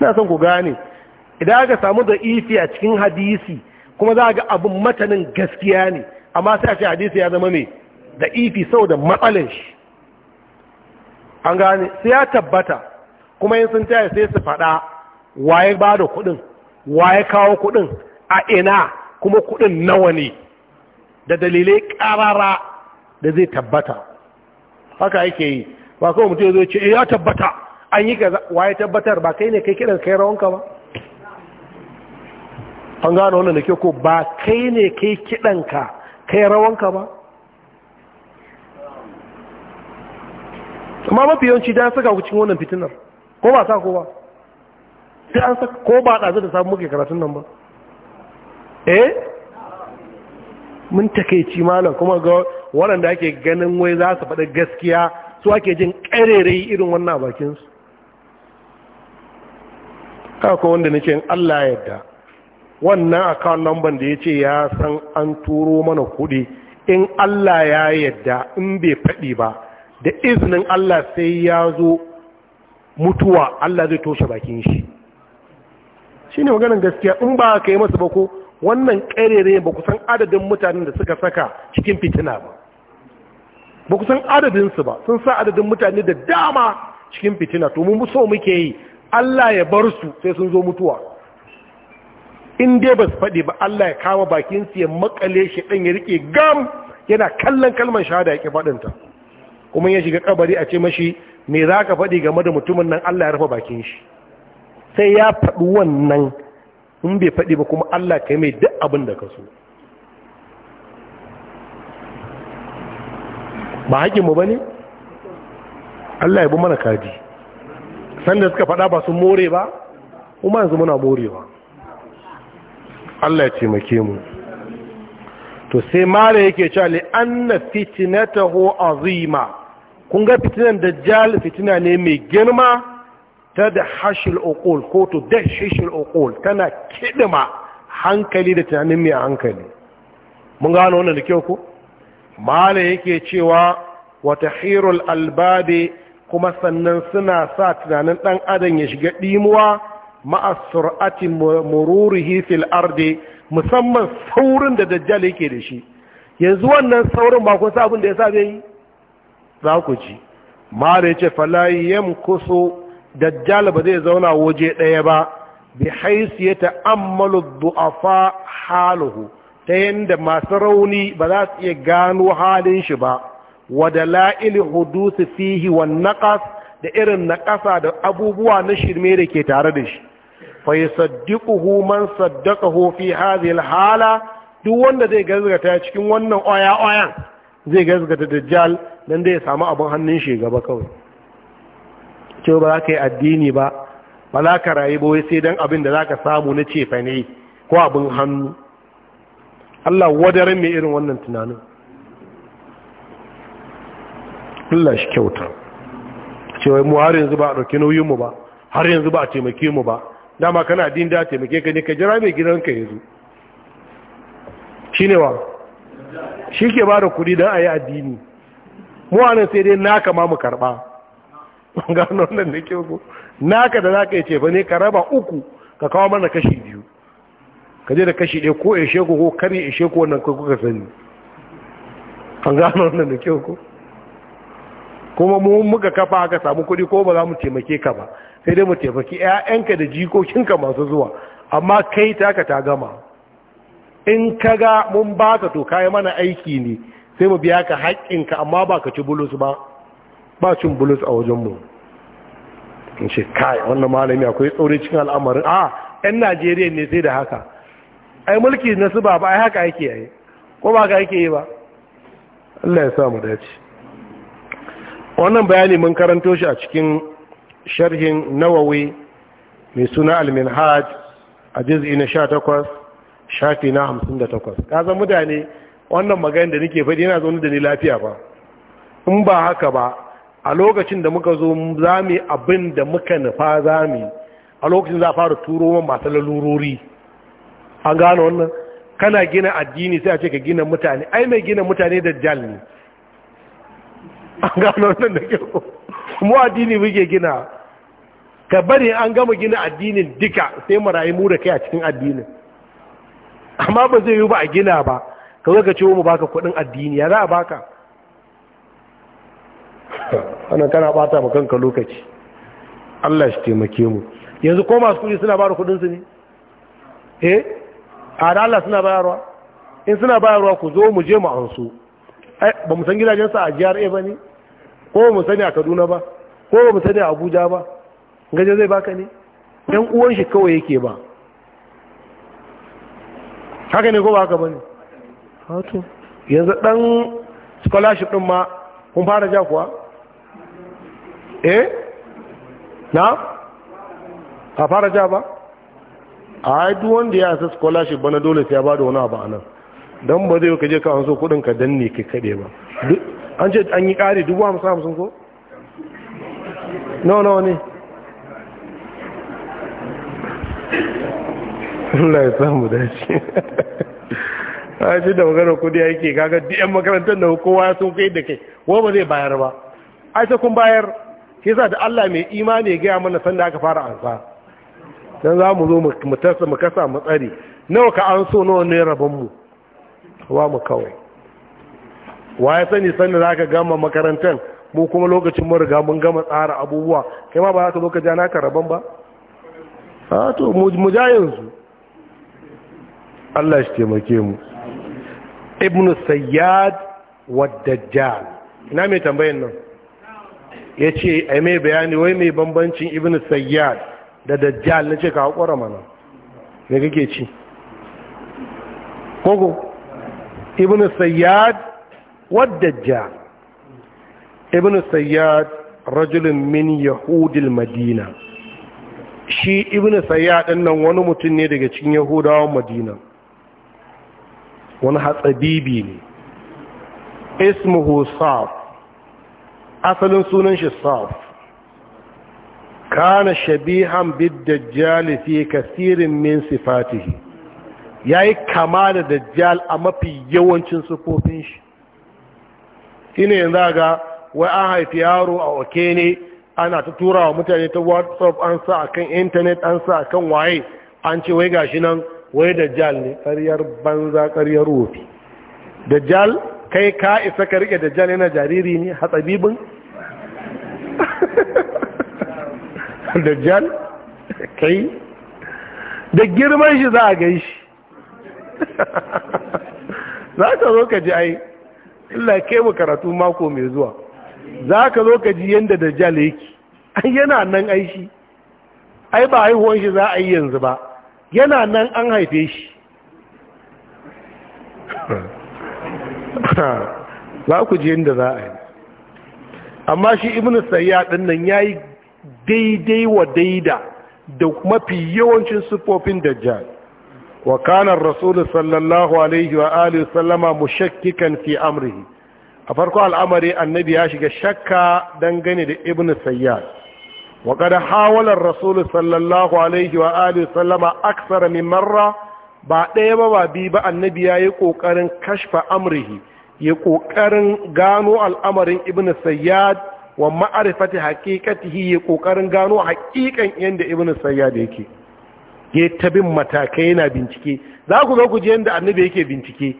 na son ku gane idan aka samu da ifi a cikin hadisi kuma za a ga abin matanin gaskiya ne amma sai a ce hadisi ya zama mai da ifi sau da matsalin shi an gane sai ya tabbata kuma yin sun taya sai su faɗa waye ba da kuɗin Wa ya kawo kuɗin a ina kuma kuɗin nawa ne da dalilai ƙarara da zai tabbata haka yake yi ba kawai mutum ya zo ce eh, ya tabbata an yi kaza waye tabbatar ba kai ne kai kiran kai rawanka ba an gano wannan da ke ko ba kai ne kai ka kai rawanka ba amma mafi yawanci da saka cikin wannan fitinar ko ba sa ko ba sai an saka ko ba ɗazu da samu muke karatun nan ba eh mun takaici malam kuma ga waɗanda ake ganin wai za su faɗi gaskiya su ake jin ƙarere irin wannan a bakinsu haka wanda nake in Allah yadda wannan account number da ya ce ya san an turo mana kuɗi in Allah ya yadda in bai faɗi ba da izinin Allah sai ya zo mutuwa Allah zai toshe bakin shi shi ne maganin gaskiya in ba ka yi masa ba ko wannan ƙarere ba kusan adadin mutanen da suka saka cikin fitina ba ba ku san adadinsu ba sun sa adadin mutane da dama cikin fitina to mu so muke yi Allah ya bar su sai sun zo mutuwa in dai ba su faɗi ba Allah ya kama bakinsu ya makale shi dan ya rike gam yana kallon kalmar shahada ya ƙi faɗinta kuma ya shiga kabari a ce mashi me za ka faɗi game da mutumin nan Allah ya rufe bakin shi sai ya faɗi wannan in bai faɗi ba kuma Allah ka yi mai duk abin da ka so ba haƙinmu ba ne allah ya bi mana kaji sanda suka faɗa ba sun more ba kuma yanzu muna morewa allah ya taimake mu to sai mara yake cewa li anna fitnatahu azima kun ga fitinan dajjal fitina ne mai girma ta da hashil uqul ko to da hashil uqul tana kidima hankali da tunanin mai hankali mun gano wannan da kyau ko mala yake cewa wata hirul albabe kuma sannan suna sa tunanin dan adam ya shiga dimuwa ma'a sur'ati mururihi fil arde musamman saurin da dajjal yake da shi yanzu wannan saurin ba kun abin da ya sa yi za ku ji mala ya ce falayi dajjal ba zai zauna waje daya ba bi haisu ya ta'ammalu du'afa haluhu ta yadda masu rauni ba za su iya gano halin shi ba wada hudu hudusu fihi wa naqas da irin naƙasa da abubuwa na shirme da ke tare da shi fa yusaddiquhu man saddaqahu fi hadhihi alhala duk wanda zai gazgata cikin wannan oya oyan zai gazgata dajjal dan zai samu abin hannun shi gaba kawai ce ba za ka yi addini ba ba za ka rayu ba sai dan abin da za ka samu na cefane ko abin hannu Allah wadaren mai irin wannan tunanin Allah shi kyauta cewa mu har yanzu ba a ɗauki nauyinmu ba har yanzu ba a taimake mu ba dama kana din da taimake ka ne ka jira mai gidanka yanzu shi ne wa shi ke ba da kudi don a yi addini mu anan sai dai naka ma mu karɓa gano nan da kyau ko naka da za ka yi ce ba ne ka raba uku ka kawo mana kashi biyu ka je da kashi ɗaya ko ishe ku ko kare ishe ku wannan kai kuka sani an gano wannan da kyau ko kuma mu muka kafa haka samu kuɗi ko ba za mu taimake ka ba sai dai mu taimaki ƴaƴanka da jikokinka masu zuwa amma kai taka ta gama in ka ga mun baka to kayi mana aiki ne sai mu biya ka haƙƙinka amma ba ka ci bulus ba ba cin bulus a wajenmu in ce kai wannan malami akwai tsauri cikin al'amarin a 'yan najeriya ne sai da haka ai mulki na su ba ba ai haka yake yi ko ba ga yake yi ba Allah ya sa mu dace wannan bayani mun karanto shi a cikin sharhin nawawi mai suna al-minhaj a juz'i na 18 shafi na 58 kazan mutane wannan magana da nake faɗi yana zaune da ni lafiya ba in ba haka ba a lokacin da muka zo zami abin da muka nufa zami a lokacin za a fara turo masu lalurori an gano wannan kana gina addini sai a ce ka gina mutane ai mai gina mutane da jal ne an gano wannan da kyau mu addini muke gina ka bari an gama gina addinin duka sai mu rayu mu da kai a cikin addinin amma ba zai yi ba a gina ba ka zo ka ce mu baka kuɗin addini ya za a baka wannan kana bata ma kanka lokaci Allah shi taimake mu yanzu ko masu kuɗi suna ba da kuɗinsu ne eh a da Allah suna bayarwa in suna bayarwa ku zo mu je mu ansu ba mu san gidajensu a GRA ba ne ko mu sani a Kaduna ba ko ba mu sani a Abuja ba gaje zai baka ne dan uwan shi kawai yake ba haka ne ko ba haka bane wato yanzu dan scholarship din ma kun fara ja kuwa eh na a fara ja ba a haidu wanda ya sa scholarship bana dole sai ya bada wani abu a nan don ba zai kaje ka hanso kudin ka danne ka kaɗe ba an ce an yi ƙari dubu hamsin hamsin ko? nawa nawa ne? Allah ya samu dace a [laughs] shi da maganar kudi yake kaga yan makarantar da kowa sun kai da kai wa ba zai bayar ba ai sai kun bayar ke sa da Allah mai imani ya gaya mana sanda aka fara ansa don za mu zo mu kasa mu tsari nawa ka an so nawa ne rabonmu wa mu kawai wa ya sani sani za ka gama makarantar mu kuma lokacin mu riga mun gama tsara abubuwa kai ma ba za ka zo ka ja naka rabon ba to mu ja yanzu Allah shi taimake mu ibn sayyad wa dajjal ina mai tambayan nan yace ai mai bayani wai mai bambancin ibn sayyad da dajjal na ce ka haƙura mana da kake ci ƙogo ibn sayyad Dajjal ibn sayyad rajulun min yahudil madina shi ibn sayyad nan wani mutum ne daga cikin yahudawan madina wani hatsabibi ne ismuhu saf asalin sunan shi saf kana shabihan bid-dajjal fi kathirin min sifatihi yayi kama da dajal a mafi yawancin sifofin shi shine yanzu ga wai an haifi yaro a oke ne ana ta tura wa mutane ta whatsapp an sa akan intanet an sa akan waye an ce wai gashi nan wai dajjal ne ƙaryar banza ƙaryar wofi dajjal kai ka isa ka rike dajjal yana jariri ne hatsabibin [laughs] dajjal kai da girman shi za a gan shi za ka zo ka ji ai illa kai mu karatu mako mai zuwa za ka zo ka ji yadda dajjal yake an yana nan aishi. ai ba haihuwan shi za a yi yanzu ba yana nan an haife shi za ku ji yadda za a yi amma shi ibn sayyad din nan yayi daidai wa daida da mafi yawancin sifofin dajjal wa kanar rasulun sallallahu alaihi wa alihi sallama fi amrihi a farko al'amari annabi ya shiga shakka dangane da Ibn sayyad wa kada hawalar rasul sallallahu alaihi wa alihi sallama aksara min marra ba ɗaya ba ba bi ba annabi ya yi ƙoƙarin kashfa amrihi ya ƙoƙarin gano al'amarin Ibn sayyad wa ma'arifati haqiqatihi ya kokarin gano haqiqan yanda ibnu sayyad yake ya tabin matakai yana bincike za ku zo ku ji yanda annabi yake bincike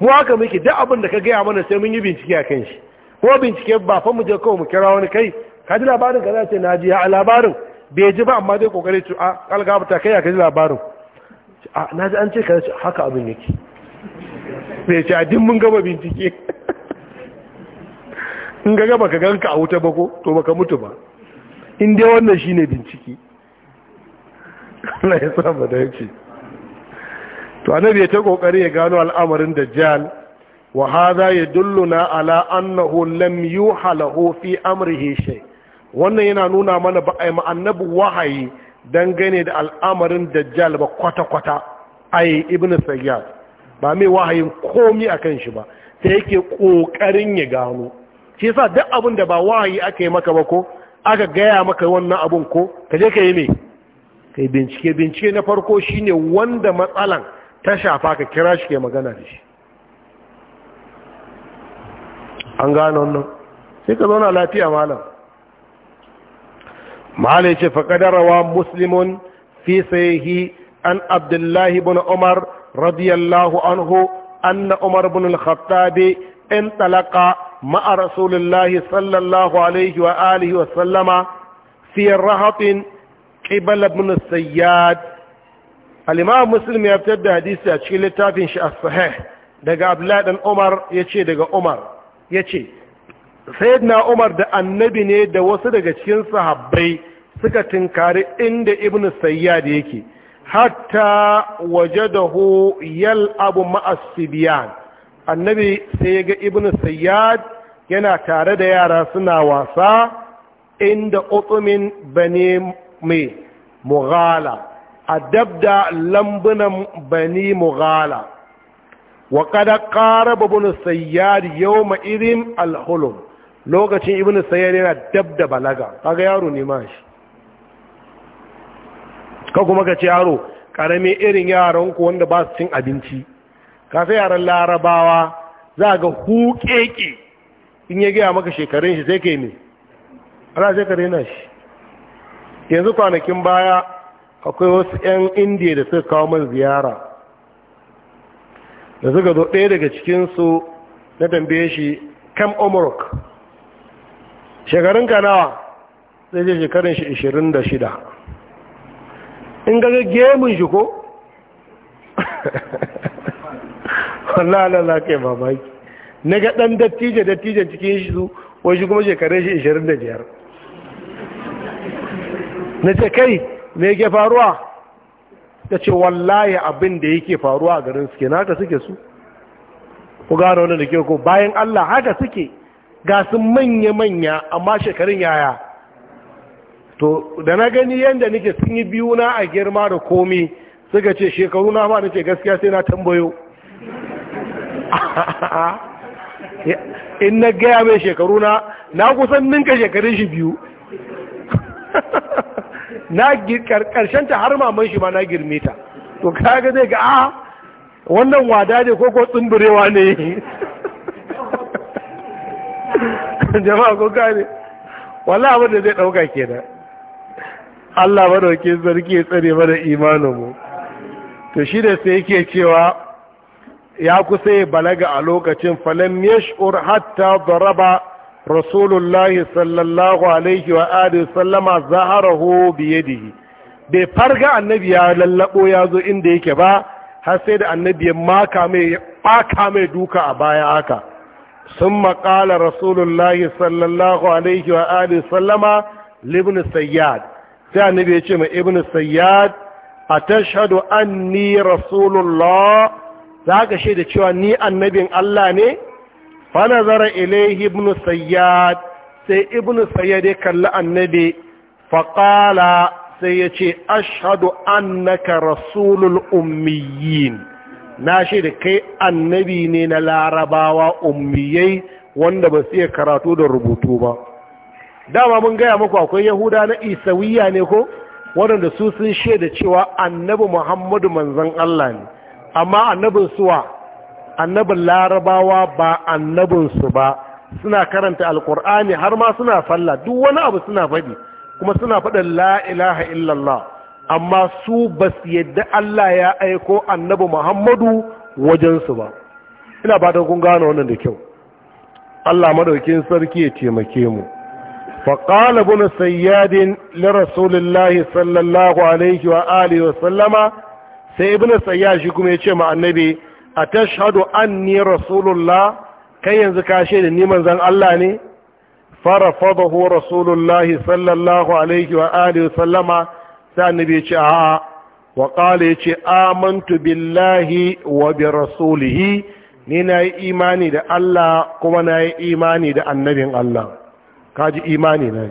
mu haka muke duk abin da ka gaya mana sai mun yi bincike a kan shi ko bincike ba fa mu je kawai mu kira wani kai ka ji labarin ka za ce na ji a labarin bai ji ba amma zai kokari ce a ta kai a ka ji labarin a na ji an ce ka haka abin yake bai ce a din mun gama bincike [laughs] in ga gaba ka ganka a wuta ba ko to baka mutu ba in dai wannan shine binciki. Allah ya saba da yake to annabi ya ta kokari ya gano al'amarin dajjal wa hadha yadulluna ala annahu lam yuha lahu fi amrihi shay wannan yana nuna mana ba ai annabi wahayi dangane da al'amarin dajjal ba kwata kwata ai ibnu sayyad ba mai wahayin komi akan shi ba Ta yake kokarin ya gano shi sa duk abin da ba wahayi aka yi maka ba ko aka gaya maka wannan abin ko ka je ka yi me ka yi bincike bincike na farko shine wanda matsalan ta shafa ka kira shi ke magana da shi an gano wannan sai ka zauna lafiya malam malam ce faƙadarawa muslimun fi an abdullahi bin umar radiyallahu anhu anna umar bin al-khattabi in talaka ma'a rasulullahi sallallahu alaihi wa alihi wa sallama fi rahatin qibal ibn sayyad al-imam ya fitar da hadisi a cikin littafin shi as-sahih daga abdullahi dan umar yace daga umar yace sayyidina umar da annabi ne da wasu daga cikin sahabbai suka tinkari inda ibn sayyad yake hatta wajadahu yal'abu ma'as-sibyan annabi sai ya ga ibn sayyad yana tare da yara suna wasa inda utumin bane mai mughala a dabda lambunan bani mughala wa kada ƙara babin sayyad yau ma'irin alhulun lokacin ibn sayyad yana dab balaga kaga yaro ne ma shi ka kuma ka ce yaro ƙaramin irin yaranku wanda ba su cin abinci kasa yaran larabawa za ga hukeke in ya gaya maka shekarun shi sai kai ne ana sai ka yana shi yanzu kwanakin baya akwai wasu 'yan indiya da suka kawo man ziyara da suka zo ɗaya daga cikinsu na tambaye shi kam omarok shekarun kanawa zai je shekarun shi 26 in gaga gemun shi ko [laughs] Allah za ka yi mamaki na ga ɗan dattijan dattijan cikin shi su wani kuma shekarun shi 25 na ce kai me ke faruwa ta ce wallahi abin da yake faruwa a garin suke na haka suke su ku gano wani da ke ko bayan Allah haka suke ga su manya-manya amma shekarun yaya to da na gani yadda nake sun yi biyu na a girma da komi suka ce shekaru na ma ce gaskiya sai na tambayo in na gaya mai shekaru na na kusan ninka shekarun shi biyu na karshen ta har maman shi ma na girme ta to kaga zai ga a ah, wannan wada ne ko ko tsumburewa ne jama'a ko gane wala abin da zai dauka kenan Allah madauke sarki ya tsare mana imanin mu to shi da sai yake cewa ya kusa ya balaga a lokacin falam yash'ur hatta daraba rasulullahi sallallahu alaihi wa alihi sallama zaharahu biyadihi bai farga annabi ya lallabo ya zo inda yake ba har sai da annabi ya maka mai baka mai duka a baya haka sun maƙala rasulullahi sallallahu alaihi wa alihi sallama libni sayyad sai annabi ya ce ma ibn sayyad a tashhadu anni rasulullah za ka shaida cewa ni annabin Allah ne fanazara ilaihi Ibnu sayyad sai ibn sayyad ya kalli annabi faƙala sai ya ce ashadu annaka rasulul ummiyin na shaida kai annabi ne na larabawa ummiyai wanda ba su iya karatu da rubutu ba dama mun gaya muku akwai yahuda na isawiya ne ko waɗanda su sun shaida cewa annabi muhammadu manzan Allah ne amma annabin suwa annabin larabawa ba annabinsu ba suna karanta alkur'ani har ma suna falla duk wani abu suna faɗi kuma suna faɗin la ilaha illallah amma su ba su yadda Allah ya aiko annabi Muhammadu wajensu ba ina ba kun gano wannan da kyau Allah madaukin sarki ya taimake mu فقال sayyadin سياد لرسول الله صلى الله عليه wa sai ibn sayyashi kuma ya ce ma annabi a an anni rasulullah kai yanzu ka shaida ni manzon Allah ne farafadahu rasulullah sallallahu alaihi wa alihi wa sallama sai annabi ya a wa qala yace amantu billahi wa bi rasulihi ni nayi imani da Allah kuma nayi imani da annabin Allah kaji imani na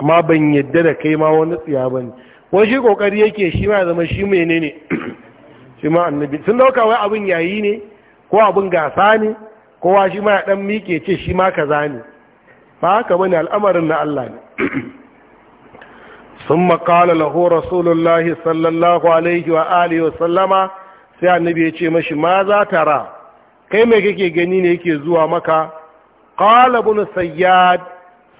amma ban yadda da kai ma wani tsiya bane wani shi kokari yake shi ma zama shi mene ne [clears throat] shi ma annabi sun dauka wai abin yayi ne ko abin gasa ne kowa shi ma dan mike ce shi ma kaza ne ba haka bane al'amarin na Allah ne ثم قال له رسول الله صلى الله عليه wa وسلم sai annabi ya ce mashi ma za ta ra kai mai kake gani ne yake zuwa maka qala ibn sayyad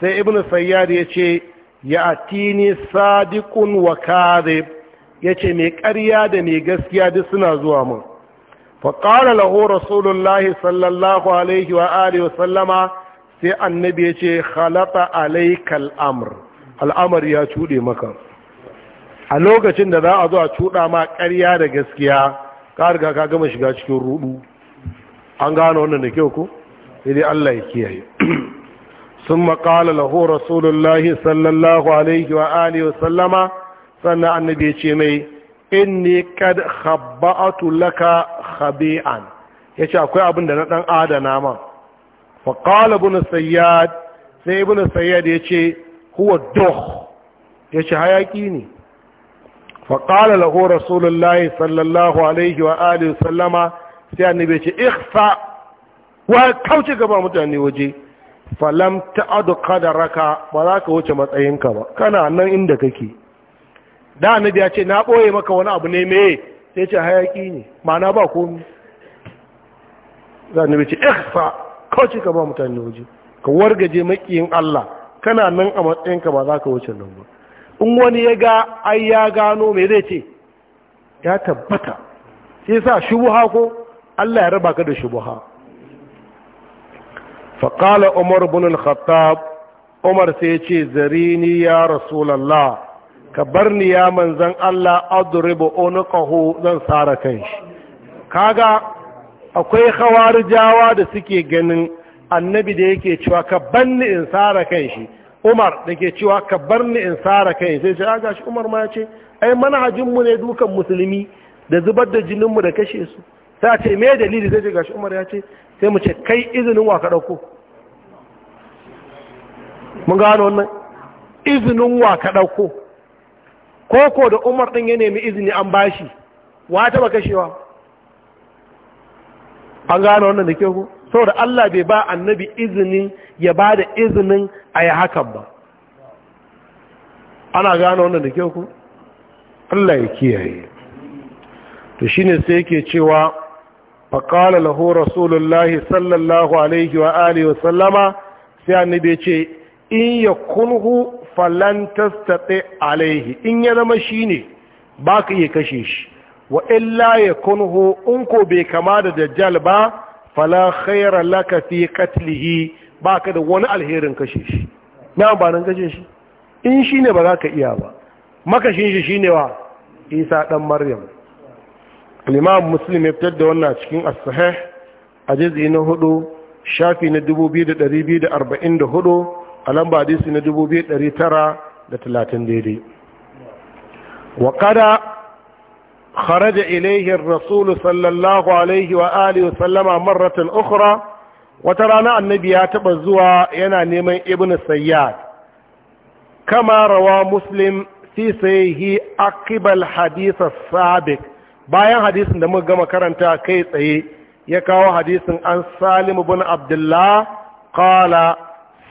sai ibn sayyad ya ce ya atini sadiqun wa kadhib yace mai ƙarya da mai gaskiya duk suna zuwa mun fa qala lahu rasulullahi sallallahu alaihi wa alihi wa sallama sai annabi yace khalata alaykal amr al'amari ya cude maka a lokacin da za a zo a cuda ma ƙarya da gaskiya ka riga ka gama shiga cikin rudu an gano wannan da kyau ko sai dai Allah ya kiyaye [clears throat] ثم قال له رسول الله صلى الله عليه وآله وسلم صلى النبي تيمي إني قد خبأت لك خبيئا يشي أكوي أبن دانا دان آدنا ما فقال ابن السياد سي ابن السياد يشي هو الدخ يشي هياكيني فقال له رسول الله صلى الله عليه وآله وسلم سي النبي يشي اخفأ وكوشي قبل متعني وجيه falam da raka, ba za ka wuce matsayinka ba kana nan inda kake da na ya ce na ɓoye maka wani abu ne me sai ce hayaki ne ma'ana ba komi za nabi ce ihsa kauce ka ba mutane waje ka wargaje makiyin Allah kana nan a matsayinka ba za ka wuce nan ba in wani ya ga ai ya gano me zai ce ya tabbata sai sa shubuha ko Allah ya raba ka da shubuha faƙala umar bin al-khattab umar sai ya ce zarini ya rasulallah ka bar ni ya manzan allah adribu unuqahu zan sara kan shi kaga akwai khawarijawa da suke ganin annabi da yake cewa ka bar ni in sara kan shi umar da ke cewa ka bar ni in sara kan shi sai ce aga shi umar ma ya ce ai manhajinmu ne dukan musulmi da zubar da jininmu da kashe su sai a ce me dalili zai ce gashi umar ya ce sai mu ce kai izinin wa ka ɗauko mun gano wannan izinin wa ka ɗauko Ko da umar ɗin ya nemi izini an bashi wa ta ba kashewa an gano wannan da ke ku saboda Allah bai ba annabi izinin ya ba da izinin a yi hakan ba ana gano wannan da ke ku Allah ya kiyaye to shine sai yake cewa faƙala lahu rasulullahi sallallahu alaihi wa alihi wasallama sai annabi ya ce in ya kunhu falantas taɓe alaihi in ya zama shi ne ba iya kashe shi wa illa ya kunhu in ko bai kama da dajjal ba fala khaira laka fi katlihi ba da wani alherin kashe shi na amfanin kashe shi in shi ne ba za ka iya ba makashin shi shi ne wa isa ɗan maryam limam muslim ya fitar da wannan cikin as-sahih a jiz'i na hudu shafi na 2244 a lamba hadisi na talatin daidai wa kada kharaja ilaihi ar-rasul sallallahu alaihi wa alihi sallama marratan ukhra wata rana annabi ya taba zuwa yana neman ibn sayyad kama rawa muslim fi sahihi aqibal hadith as-sabiq bayan hadisin da muka gama karanta kai tsaye ya kawo hadisin an salim ibn abdullah qala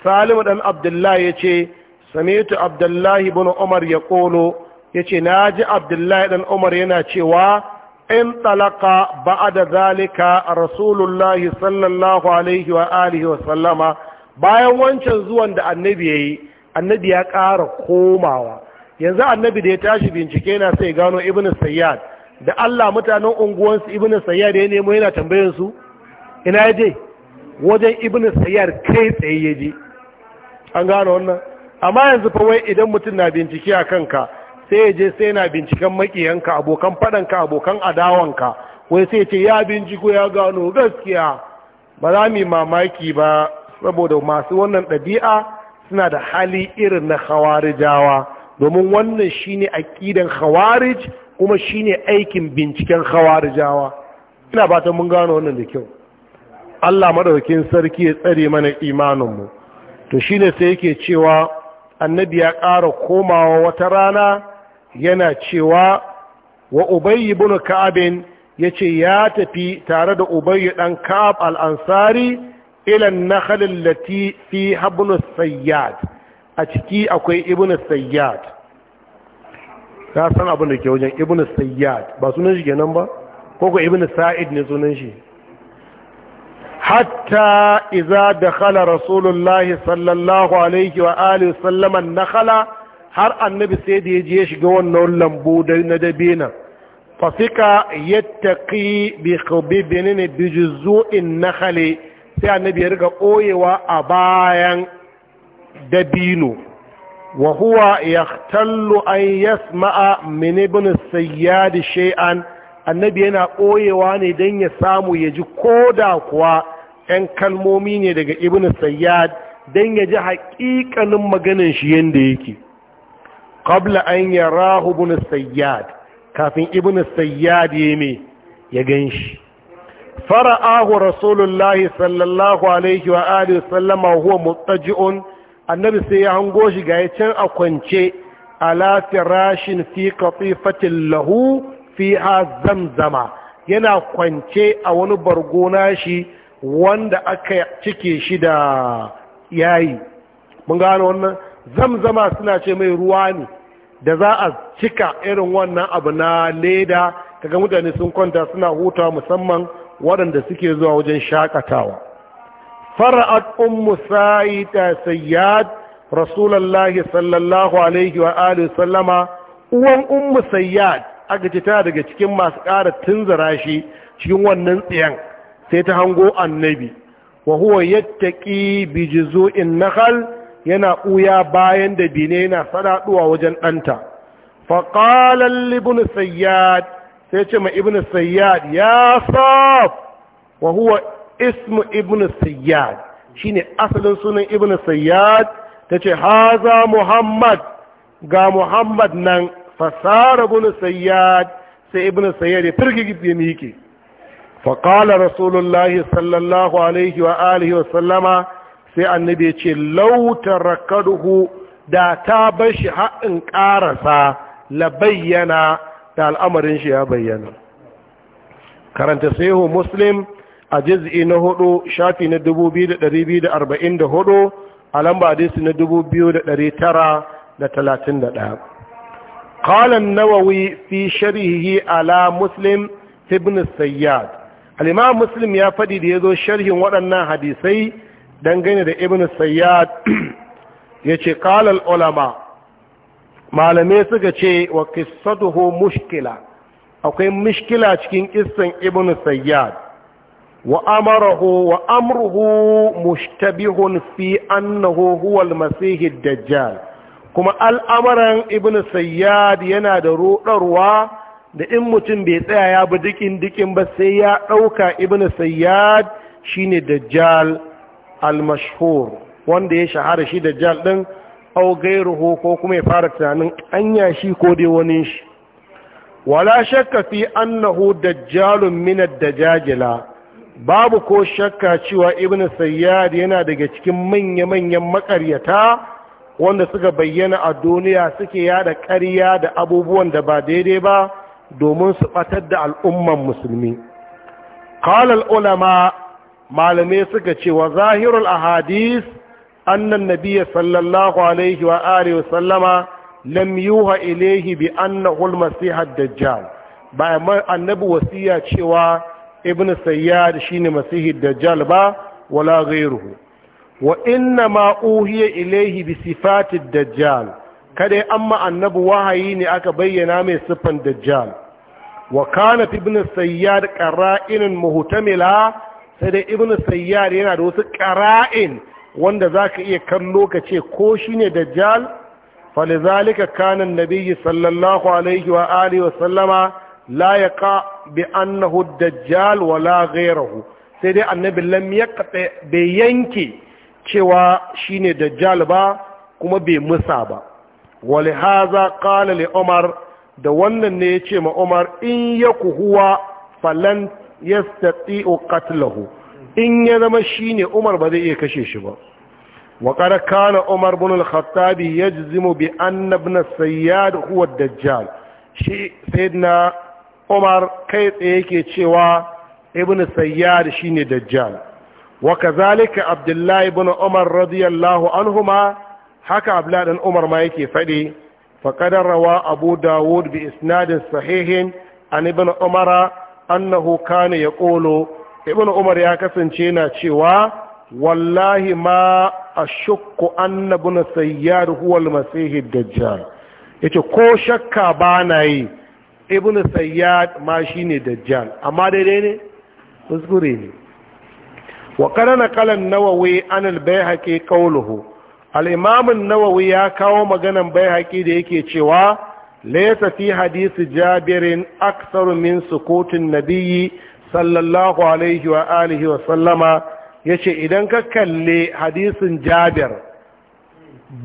salim dan abdullahi ya ce samitu abdullahi bin umar ya kolo ya ce na ji abdullahi dan umar yana cewa in talaka da zalika rasulullahi sallallahu alaihi wa alihi wa sallama bayan wancan zuwan da annabi ya yi annabi ya ƙara komawa yanzu annabi da ya tashi bincike na sai gano ibn sayyad da allah mutanen unguwansu ibn sayyad ya nemo yana su? ina ya wajen ibn sayyad kai tsaye ya je an gano wannan amma yanzu fa wai idan mutum na bincike a kanka sai ya je sai na binciken makiyanka abokan fadanka abokan adawanka wai sai ce ya binciko ya gano gaskiya ba za mu mamaki ba saboda masu wannan ɗabi'a suna da hali irin na khawarijawa domin wannan shine aqidan khawarij kuma shine aikin binciken khawarijawa ina ba ta mun gano wannan da kyau Allah madaukakin sarki ya tsare mana imanin mu to shi ne sai yake cewa annabi ya ƙara komawa wata rana yana cewa wa ubayi ibn ka'abin ya ya tafi tare da ubayi ɗan ka'ab al'ansari ilan na halillati fi habnu sayyad a ciki akwai ibn sayyad ta san abin da ke wajen ibn sayyad ba sunan shi kenan ba ko ko ibn sa'id ne sunan shi hatta iza da khala rasulullahi sallallahu alaihi wa na khala har annabi sai da ya je shiga wannan lambu da na dabina fasika yattaqi bi khubibin bi juz'in nakhali sai annabi ya riga koyewa a bayan dabinu. wa huwa yahtallu an yasma'a min ibn sayyad shay'an annabi yana ɓoyewa ne don ya samu ya ji ko da kuwa 'yan kalmomi ne daga ibn sayyad don ya ji haƙiƙanin maganin shi yadda yake ƙabla an yi rahu ibn sayyad kafin ibn sayyad ya mai ya gan shi fara'ahu rasulullahi sallallahu alaihi wa alihi sallama huwa mutaji'un annabi sai ya hango shi ga ya can a kwance ala firashin fi katifatin lahu fiha zamzama yana kwance a wani bargo shi wanda aka cike shi da yayi mun gano wannan zamzama suna ce mai ruwa ne da za a cika irin wannan abu na leda kaga mutane sun kwanta suna hutawa musamman waɗanda suke zuwa wajen shakatawa fara'at ummu sa'ida sayyad rasulullahi sallallahu alaihi wa alihi sallama uwan ummu sayyad aka ce tana daga cikin masu ƙara tunzara shi cikin wannan tsiyan sai ta hango annabi wa huwa yattaqi bi juzu'in nakhl yana ɓuya bayan da bine yana sadaduwa wajen ɗanta fa qala ibn sayyad sai ce ma ibn sayyad ya saf wa huwa ismu ibn sayyad shine asalin sunan ibn sayyad tace haza muhammad ga muhammad nan fasara bin sayyad sai ibn sayyad ya firgigi ya miƙe faƙala rasulullahi sallallahu alaihi wa wa sallama sai annabi ya ce lautar rakaduhu da ta bar shi haɗin ƙarasa la bayyana da al'amarin shi ya bayyana karanta sayo muslim a jiz'i na hudu shafi na 2244 a lamba hadisi na 2931 قال النووي في شرحه على مسلم ابن السياد الإمام مسلم يا فدي ديزو شرح ودنا حديثي dangane da ibn sayyad ya ce kalal ulama malamai suka ce wa qissatuhu mushkila akwai mushkila cikin kissan ibn sayyad wa amarahu wa amruhu mushtabihun fi annahu huwa al-masih dajjal kuma al'amuran ibn sayyad yana da roɗarwa da in mutum bai tsaya ya bi dikin dikin ba sai ya ɗauka ibn sayyad shine dajjal al-mashhur wanda ya shahara shi dajjal ɗin au gairuhu ko kuma ya fara tunanin anya shi ko dai wani shi wala shakka fi annahu dajjalun min ad-dajajila babu ko shakka cewa ibn sayyad yana daga cikin manya-manyan makaryata wanda suka bayyana a duniya suke yada ƙarya da abubuwan da ba daidai ba domin su ɓatar da al'umman musulmi qalal ulama malamai suka ce wa zahirul ahadis annan nabiyya sallallahu alaihi wa sallama lam yuha ilaihi bi annahu al dajjal ba annabi wasiya cewa ibn sayyad shine masih dajjal ba wala gairuhu wa inna ma ilaihi bi sifatid dajjal kada amma annabi wahayi ne aka bayyana mai siffan dajjal wa kana ibn sayyad qara'in muhtamila sai da ibn sayyad yana da wasu qara'in wanda zaka iya kallo ka ce ko shine dajjal falizalika kana annabi sallallahu alaihi wa alihi wa sallama la yaqa bi annahu dajjal wala ghayruhu sai dai annabi lam yaqta bi cewa shi ne dajjal ba kuma bai musa ba wale haza qala umar da wannan ne ya ce ma umar in ya ku huwa falan o katilahu in ya zama shi ne umar ba zai iya kashe shi ba wa kana umar ibn al ji yajzimu bi anna ibn as-sayyad huwa dajjal shi na umar kai tsaye ke cewa ibn sayyad shine dajjal wa kazalika abdullahi ibn umar radiyallahu ma haka abdullahi dan umar ma yake faɗi فقد روى أبو داود بإسناد صحيح عن ابن عمر أنه كان يقول ابن عمر يا كسنشينا شوا والله ما أشك أن ابن سيار هو المسيح الدجال ita ko shakka ba na yi ibn sayyad ma shine dajjal amma daidai ne kuskure ne wa qarana النووي عن البيهقي قوله الامام النووي يا كاو an-nawawi ya kawo da yake cewa laysa fi hadith jabir akthar min an nabiyyi sallallahu alaihi wa alihi wa sallama yace idan ka kalle hadisin jabir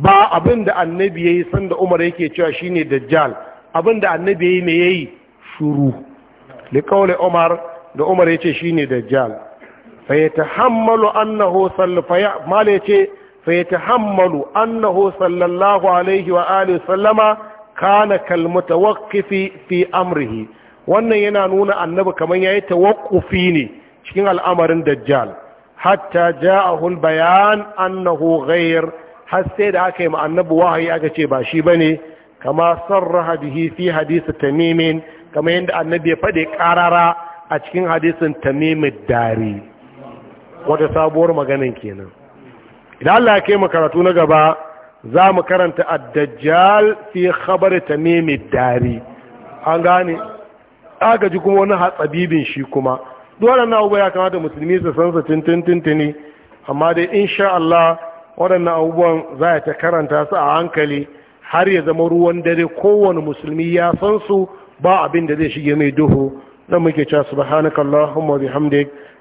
ba abin da annabi ya yi sanda umar yake cewa shine dajjal abin da annabi ya yi yayi ya yi shuru da umar da umar ya ce shine dajjal fa yatahammalu annahu annahu sallallahu alaihi wa alihi sallama kana kal mutawaqqifi fi amrihi wannan yana nuna annabi kaman yayi tawaqqufi ne cikin al'amarin dajjal hatta ja'ahu al-bayan annahu ghayr har sai da aka yi ma annabi wahayi aka ce ba shi bane kama sarraha bihi fi hadisi tamimin kama yadda annabi ya fade karara a cikin hadisin tamimin dari wata sabuwar maganin kenan idan Allah ya kai mu karatu na gaba za mu karanta ad-dajjal fi khabar tamim dari an gane aka ji kuma wani hatsabibin shi kuma dole na abubuwa ya kamata musulmi su san su tuntuntuni amma dai insha Allah waɗannan abubuwan za ta karanta su a hankali har ya zama ruwan dare kowane musulmi ya san su ba abin da zai shige mai duhu dan muke cewa subhanakallahumma wa bihamdika